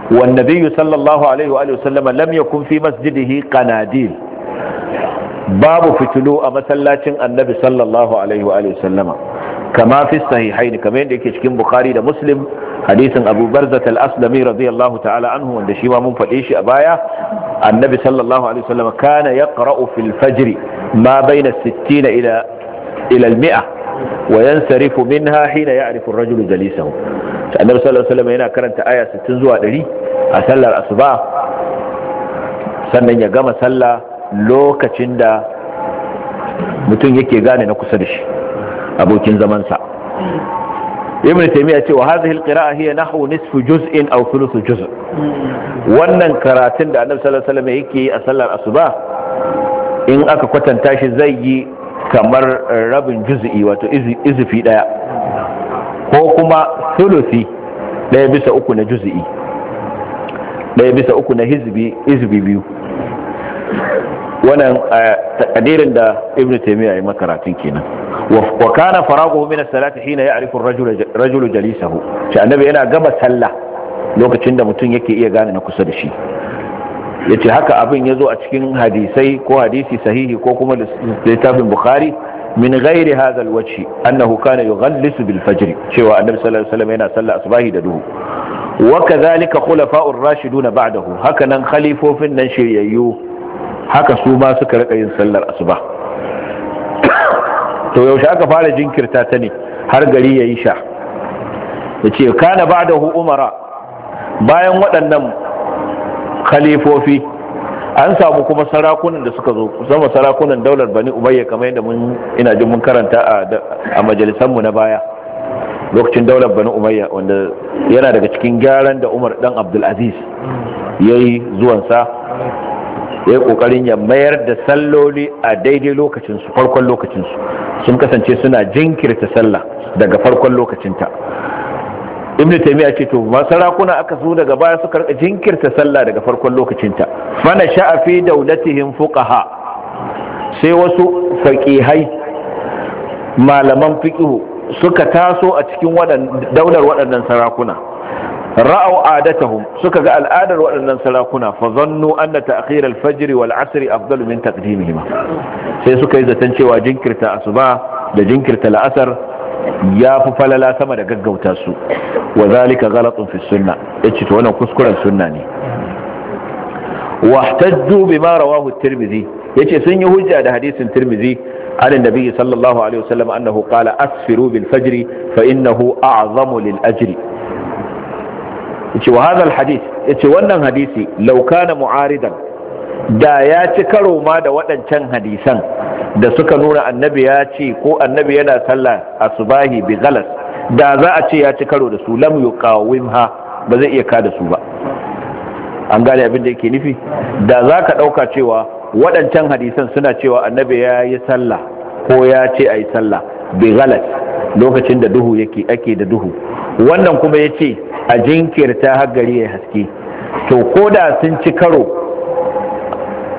Speaker 1: والنبي صلى الله عليه وآله وسلم لم يكن في babu fitilu a masallacin annabi sallallahu alaihi wa alihi sallama kama kamar yadda yake cikin bukhari da muslim hadisin abu barzat al-aslami radiyallahu anhu wanda shi ma mun faɗe shi a baya annabi sallallahu alaihi wasallam kana yaqra'u fil fajr ma bayna 60 ila ila mia wa yansarifu minha hina ya'rifu ar-rajulu jalisahu annabi sallallahu alaihi yana karanta aya 60 zuwa ɗari. a sallar asuba sannan ya gama salla. lokacin da mutum yake gane na kusa da shi abokin zamansa ibn taymiya ce wa hadhihi alqira'a hiya nahwu nisfu juz'in aw thuluth juz' wannan karatun da annabi sallallahu alaihi wasallam yake yi a sallar asuba in aka kwatanta shi zai yi kamar rabin juz'i wato izifi daya ko kuma thuluthi daya bisa uku na juz'i daya bisa uku na hizbi izbi biyu wannan takadirin da ibn taymiya ya makaratun kenan wa kana faraguhu min as-salati hina ya'rifu ar-rajulu jalisahu shi annabi yana gaba sallah lokacin da mutum yake iya gane na kusa da shi yace haka abin yazo a cikin hadisai ko hadisi sahihi ko kuma littafin bukhari min ghairi hadha al-wajh annahu kana yughallisu bil fajr cewa annabi sallallahu alaihi wasallam yana sallah asbahi da duhu wa kadhalika khulafa'ur rashiduna ba'dahu hakanan khalifofin nan shiryayyu haka su ma suka rika yin sallar asuba to yaushe aka fara jinkirta ta ne har gari yayi sha yace kana bada umara bayan waɗannan khalifofi an samu kuma sarakunan da suka zo zama sarakunan daular bani umayya kamar yadda mun ina jin mun karanta a majalisar mu na baya lokacin daular bani umayya wanda yana daga cikin gyaran da umar dan abdulaziz ya yi zuwansa ya yi kokarin ya mayar da salloli a daidai lokacinsu farkon lokacinsu sun kasance suna jinkirta sallah daga farkon lokacinta ibn taymiya ce to sarakuna aka zo daga baya suka rika jinkirta sallah daga farkon lokacinta fana sha'afi fi daulatihim fuqaha sai wasu faqihai malaman fiqh suka taso a cikin daular waɗannan sarakuna ra'au adatahum suka ga al'adar waɗannan sarakuna fa zannu anna ta'khir al-fajr wal 'asr afdalu min taqdimihim sai suka yi zaton cewa jinkirta asuba da jinkirta la'asar ya fi falala sama da gaggauta su wa zalika ghalatun fi sunna yace to wannan kuskuren sunna ne wahtajju bima rawahu at-tirmidhi yace sun yi hujja da hadisin tirmidhi عن النبي صلى الله عليه وسلم أنه قال أسفروا بالفجر فإنه أعظم للأجر yace wa hadha alhadith yace wannan hadisi law kana mu'aridan da ya ci karo ma da waɗancan hadisan da suka nuna annabi ya ce ko annabi yana sallah asubahi bi galas da za a ce ya ci karo da su lam yuqawimha ba zai iya kada su ba an gane abin da yake nufi da za ka ɗauka cewa waɗancan hadisan suna cewa annabi ya yi sallah ko ya ce a yi sallah bi galas lokacin da duhu yake ake da duhu wannan kuma ya ce a jinkirta har gari ya haske to ko da sun ci karo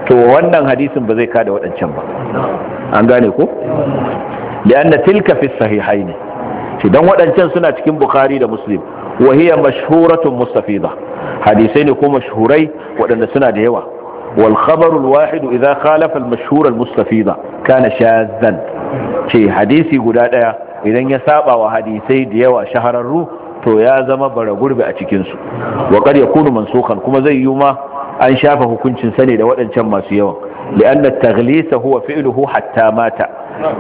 Speaker 1: to wannan hadisin ba zai kada waɗancan ba an gane ko li'anna tilka fi sahihaini idan waɗancan suna cikin bukhari da muslim wa mashuratun mashhuratun hadisai ne ko mashurai waɗanda suna da yawa wal wahidu al wahid mashurar khalafa al mashhur al mustafida kana shadhan ce hadisi guda ɗaya, idan ya saba wa hadisai da yawa shahararru to ya zama bara gurbi a cikinsu wa ya kunu mansukan kuma zai yi ma an shafa hukuncin ne da waɗancan masu yawan li'anna taglisa taghlisa huwa fi'luhu hatta mata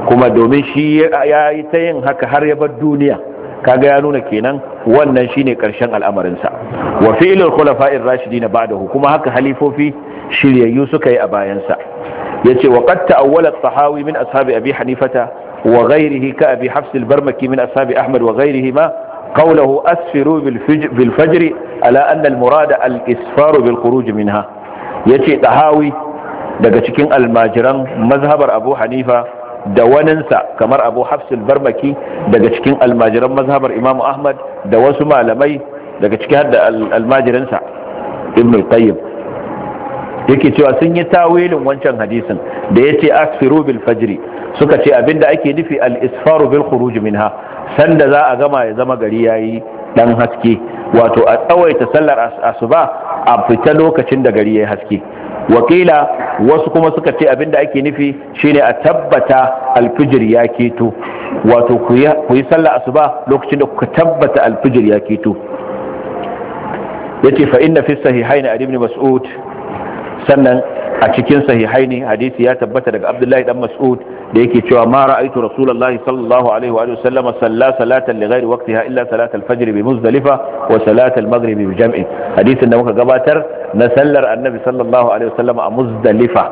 Speaker 1: kuma domin shi ya yi ta yin haka har ya bar duniya kaga ya nuna kenan wannan shine karshen al'amarinsa wa fi'lul khulafa'ir rashidin ba'dahu kuma haka halifofi shiryayyu suka yi a bayansa yace wa qad ta'awwala tahawi min ashabi abi hanifata wa ghayrihi ka abi hafs al-barmaki min ashabi ahmad wa ghayrihi ma قوله أسفروا بالفجر على أن المراد الإسفار بالخروج منها يتي تهاوي daga cikin almajiran mazhabar abu hanifa da waninsa kamar abu hafsul barmaki daga cikin almajiran mazhabar imam ahmad da wasu malamai daga cikin hadda almajiransa ibn al-qayyim yake cewa sun yi tawilin wancan hadisin da yace asfiru bilfajiri suka ce abinda ake nufi al isfaru bil khuruj minha sanda za a gama ya zama gari yayi dan haske wato a tsawaita sallar asuba a fita lokacin da gari yayi haske wakila wasu kuma suka ce abinda ake nufi shine a tabbata alfijir ya keto wato ku yi sallar asuba lokacin da kuka tabbata alfijir ya keto yace fa inna fi sahihaini ali ibn mas'ud sannan a cikin sahihaini hadisi ya tabbata daga abdullahi dan mas'ud da yake cewa ma ra'aitu rasulullahi sallallahu alaihi wa sallam salla salatan li ghairi waqtiha illa salat al-fajr bi muzdalifa wa salat al-maghrib bi jam'in hadisin da muka gabatar na sallar annabi sallallahu alaihi wa sallam a muzdalifa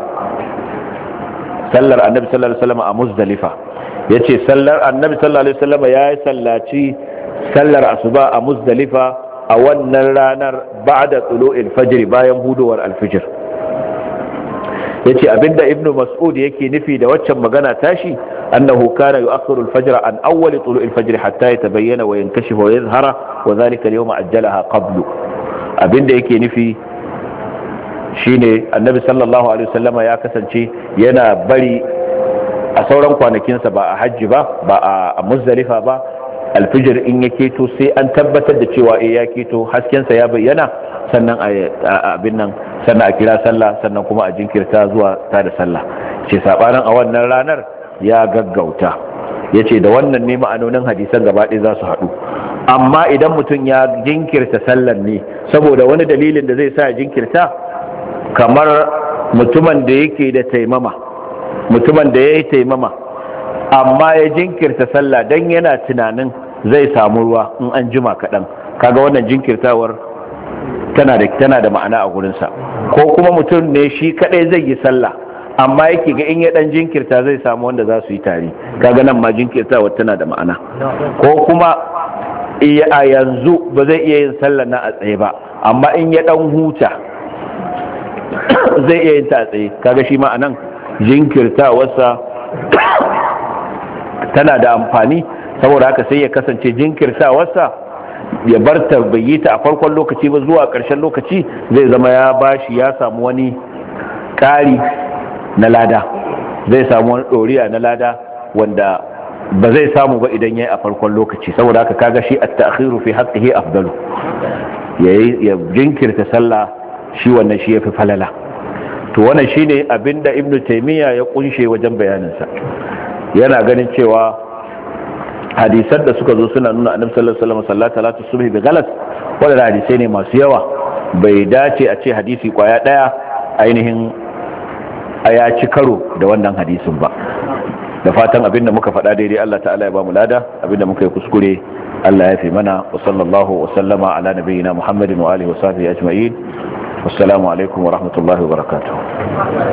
Speaker 1: sallar annabi sallallahu alaihi wa sallam a muzdalifa yace sallar annabi sallallahu alaihi wa sallam yayi sallaci sallar asuba a muzdalifa a wannan ranar ba'da tulu'il fajr bayan hudowar al-fajr yace abinda ibnu mas'ud yake nufi da waccan magana tashi annahu kana yu'akhiru al-fajr an awwal tulu' al-fajr hatta yatabayyana wa yankashifa wa yadhhara wa dhalika al-yawma ajjalaha qablu abinda yake nufi shine annabi sallallahu alaihi wasallama ya kasance yana bari a sauran kwanakinsa ba a hajji ba ba a muzdalifa ba alfijir in ya keto sai an tabbatar da cewa eh ya keto haskensa ya bayyana sannan a abin nan sannan a kira sallah sannan kuma a jinkirta zuwa ta da sallah ce sabanin a wannan ranar ya gaggauta ya ce da wannan ne ma'anonin hadisan gabaɗe za su haɗu amma idan mutum ya jinkirta sallan ne saboda wani dalilin da zai sa ya jinkirta kamar mutumin da yake da taimama mutumin da ya yi taimama amma ya jinkirta sallah don yana tunanin zai samu ruwa in an jima kaɗan kaga wannan jinkirtawar tana da tana da ma'ana a gurinsa ko kuma mutum ne shi kadai zai yi sallah amma yake ga in ya dan jinkirta zai samu wanda za su yi tari kaga nan ma jinkirtawa tana da ma'ana ko kuma a yanzu ba zai iya yin sallah na a tsaye ba amma in ya dan huta zai iya yin ta a tsaye kaga shi ma anan jinkirtawarsa tana da amfani saboda haka sai ya kasance jinkirtawarsa ya bar ta bai yi ta a farkon lokaci ba zuwa ƙarshen lokaci zai zama ya bashi ya samu wani ƙari na lada zai samu wani ɗoriya na lada wanda ba zai samu ba idan ya yi a farkon lokaci saboda haka kaga shi a ta'akiru fi haqqihi afdalu ya jinkirta sallah shi wannan shi yafi falala
Speaker 2: to wannan shine
Speaker 1: abinda ibnu taymiya ya kunshe wajen bayaninsa yana ganin cewa hadisan da suka zo suna nuna annabi sallallahu alaihi wasallam salatu subhi bi galas wadanda hadisai ne masu yawa bai dace a ce hadisi kwaya daya ainihin a ci karo da wannan hadisin ba da fatan abin da muka faɗa daidai Allah ta'ala ya ba mu lada da muka yi kuskure Allah ya fi mana wa sallallahu wa sallama ala nabiyyina Muhammadin wa alihi wa sahbihi ajma'in assalamu alaikum wa rahmatullahi wa barakatuh